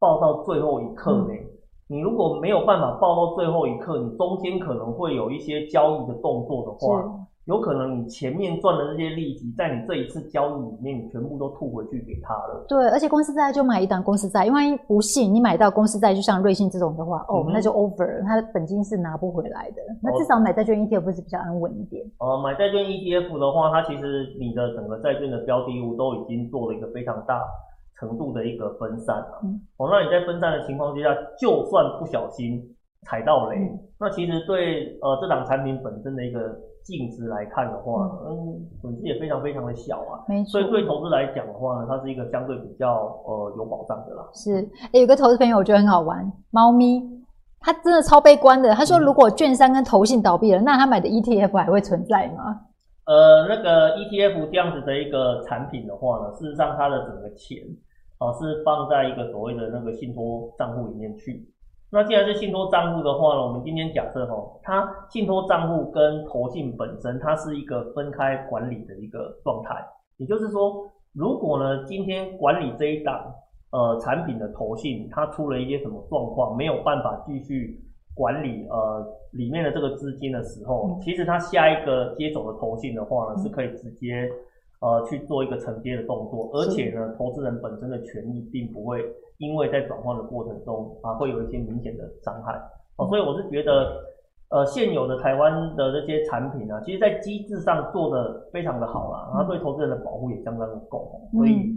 報到最後一刻呢、欸。嗯、你如果沒有辦法報到最後一刻，你中間可能會有一些交易的動作的話。有可能你前面賺的這些利息，在你這一次交易裡面，你全部都吐回去給他了。對，而且公司債就買一檔公司債，因為不信你買到公司債，就像瑞信這種的話，嗯、哦，那就 over，它的本金是拿不回來的。那至少買債券 ETF 是比較安穩一點？哦，呃、買債券 ETF 的話，它其實你的整個債券的標的物都已經做了一個非常大程度的一個分散了。嗯、哦，那你在分散的情況之下，就算不小心踩到雷，嗯、那其實對呃這檔產品本身的一個。淨值來看的話，嗯，損失也非常非常的小啊，沒錯。所以對投資來講的話呢，它是一個相對比較呃有保障的啦。是，誒、欸、有個投資朋友我覺得很好玩，貓咪，他真的超悲觀的。他說，如果券商跟投信倒閉了，嗯、那他買的 ETF 還會存在嗎？呃，那個 ETF 這樣子的一個產品的話呢，事實上它的整個錢哦、呃，是放在一個所謂的那個信托賬戶裡面去。那既然是信託賬戶的話呢，我們今天假設哦，它信託賬戶跟投信本身它是一個分開管理的一個狀態。也就是說，如果呢今天管理這一檔呃產品的投信它出了一些什麼狀況，沒有辦法繼續管理呃裡面的這個資金的時候，其實它下一個接手的投信的話呢是可以直接呃去做一個承接的動作，而且呢投資人本身的權益並不會。因為在轉換的過程中啊，會有一些明顯的傷害哦，所以我是覺得，嗯嗯、呃，現有的台灣的這些產品呢、啊，其實在機制上做的非常的好啦、嗯、然後對投資人的保護也相當的夠，所以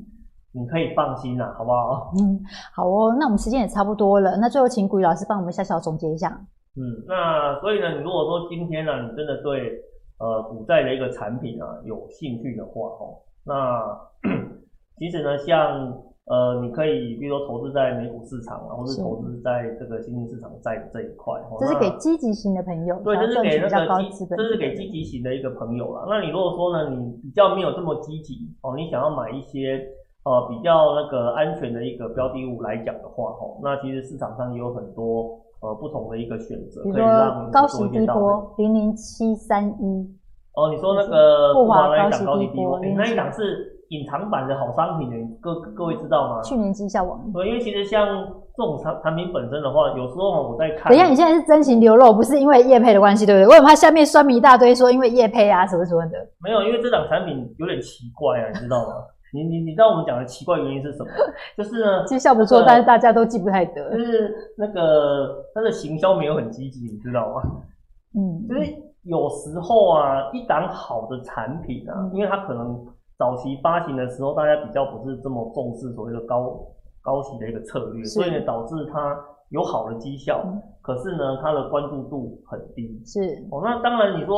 你可以放心啦，好不好？嗯，好哦，那我們時間也差不多了，那最後請股魚老師幫我們小小總結一下。嗯，那所以呢，你如果說今天呢、啊，你真的對呃，股債的一個產品啊有興趣的話哦、喔，那 其實呢，像。呃，你可以比如說投資在美股市場，或是投資在這個新興市場在這一塊。是的哦、這是給積極型的朋友，那對，這是給那個，這是給積極型的一個朋友啦。對那你如果說呢，你比較沒有這麼積極哦，你想要買一些呃比較那個安全的一個標的物來講的話吼、哦，那其實市場上也有很多呃不同的一個選擇，可以讓高息低波零零七三一。哦、呃，你說那個復華來講高息低波，欸、那一檔是？隱藏版的好商品，各位各位知道嗎？去年績效王因為其實像這種產產品本身的話，有時候我在看。等一下，你現在是真情流露，不是因為業配的關係，對不對？我很怕下面酸民一大堆說因為業配啊什麼什麼的。對沒有，因為這檔產品有點奇怪啊，你知道嗎？ 你你你知道我們講的奇怪原因是什麼？就是績效 不錯，的但是大家都記不太得。就是那個它的行銷沒有很積極，你知道嗎？嗯，就是有時候啊，一檔好的產品啊，嗯、因為它可能。早期發行的時候，大家比較不是這麼重視所謂的高高息的一個策略，是所以呢，導致它有好的績效，嗯、可是呢，它的關注度很低。是哦，那當然你說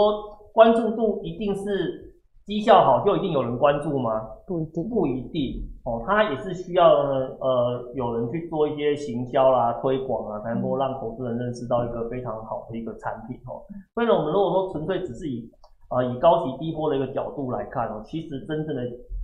關注度一定是績效好就一定有人關注嗎？不不一定，不一定哦，它也是需要呢呃有人去做一些行銷啦、啊、推廣啊，才能夠讓投資人認識到一個非常好的一個產品哦。嗯、所以呢，我們如果說純粹只是以啊，以高息低波的一個角度來看哦，其實真正的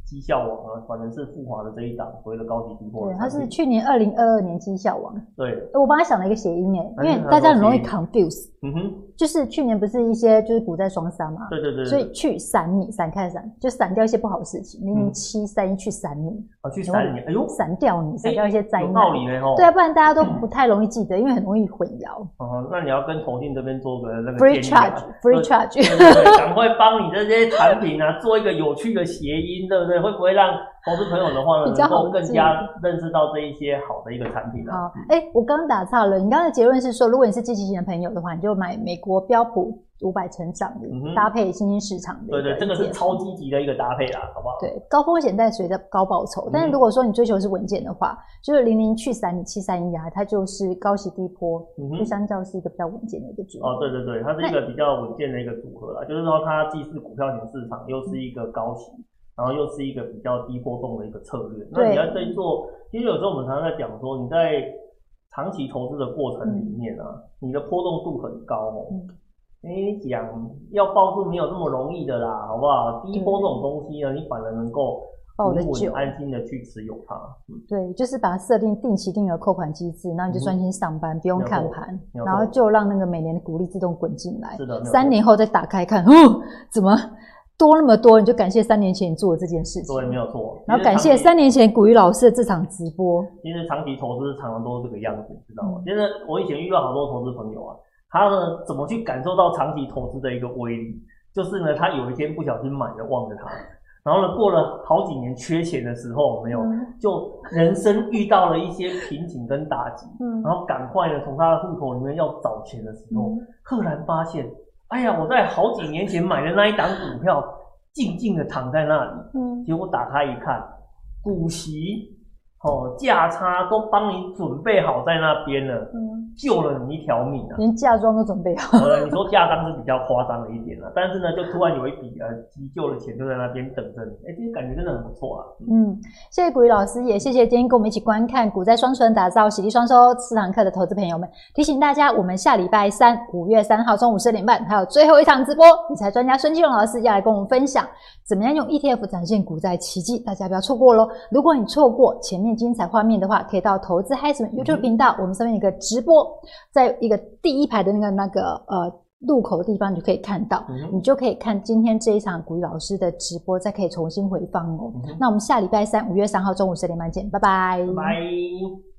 績效王啊，反正是復華的這一檔，回了高息低波的。對，他是去年二零二二年績效王。對，我幫他想了一個諧音欸，因為大家很容易 confuse。 嗯哼。就是去年不是一些就是股債雙殺嘛，對對對，所以去散你，散開散，就散掉一些不好的事情。零零七三一去散你，啊去散你，哎呦，散掉你，散掉一些災難。有道理嘞，對啊，不然大家都不太容易記得，因為很容易混淆。哦，那你要跟投信這邊做個那個，free charge，free charge，趕快幫你這些產品啊做一個有趣的諧音，對不對？會不會讓？投資朋友的話呢，比較好能夠更加認識到這一些好的一個產品了、啊。好，哎對、欸，我剛剛打岔了。你剛剛的結論是說，如果你是積極型的朋友的話，你就買美國標普五百成長的、嗯、哼搭配新興市場的一一。對對，這個是超積極的一個搭配啦，好不好？對，高風險在隨着高報酬。但是如果說你追求是穩健的話，嗯、就是零零七三一啊，它就是高息低波，嗯、哼就相較是一個比較穩健的一個組合。哦，對對對，它是一個比較穩健的一個組合啦。嘿就是說，它既是股票型市場，又是一個高息。然後又是一個比較低波動的一個策略。那你要在做，對其實有時候我們常常在講說，你在長期投資的過程裡面啊，嗯、你的波動度很高哦。嗯、你講要保住沒有那麼容易的啦，好不好？低波這種東西呢，你反而能夠保得久、嗯、安心的去持有它。嗯、對，就是把它設定定期定額扣款機制，那你就專心上班，嗯、哼不用看盤，然後就讓那個每年的股利自動滾進來。是的。三年後再打開看，哦，怎麼？多那麼多，你就感謝三年前你做的這件事情。對，沒有錯。然後感謝三年前股魚老師的這場直播。其實長期投資常常都是這個樣子，知道嗎？其實我以前遇到好多投資朋友啊，他呢怎麼去感受到長期投資的一個威力？就是呢，他有一天不小心買了，望着他，然後呢，過了好幾年缺錢的時候沒有，嗯、就人生遇到了一些瓶頸跟打擊，嗯、然後趕快呢從他的戶頭裡面要找錢的時候，嗯、赫然發現。哎呀！我在好幾年前買的那一檔股票，靜靜的躺在那裡。嗯，結果打開一看，股息。哦，價差都幫你準備好在那邊了，嗯，救了你一條命啊！連嫁妝都準備好了，你說嫁妝是比較誇張的一點了、啊、 但是呢，就突然有一筆呃急救的錢就在那邊等着你，哎、欸，這感覺真的很不錯啊！嗯，謝謝股魚老師，嗯、也謝謝今天跟我們一起觀看《股債雙存，打造息利雙收》四堂課的投資朋友們。提醒大家，我們下禮拜三五月三號中午十二點半還有最後一場直播，理財專家孫慶龍老師要來跟我們分享怎麼樣用 ETF 展現股債奇蹟，大家不要錯過嘍！如果你錯過前面，精彩畫面的話，可以到投資嗨什麼 YouTube 頻道，嗯、哼我們上面有一個直播，在一個第一排的那個那個呃路口的地方，你就可以看到，嗯、哼你就可以看今天這一場股魚老師的直播，再可以重新回放哦。嗯、哼那我們下禮拜三五月三號中午十點半見，拜拜，拜。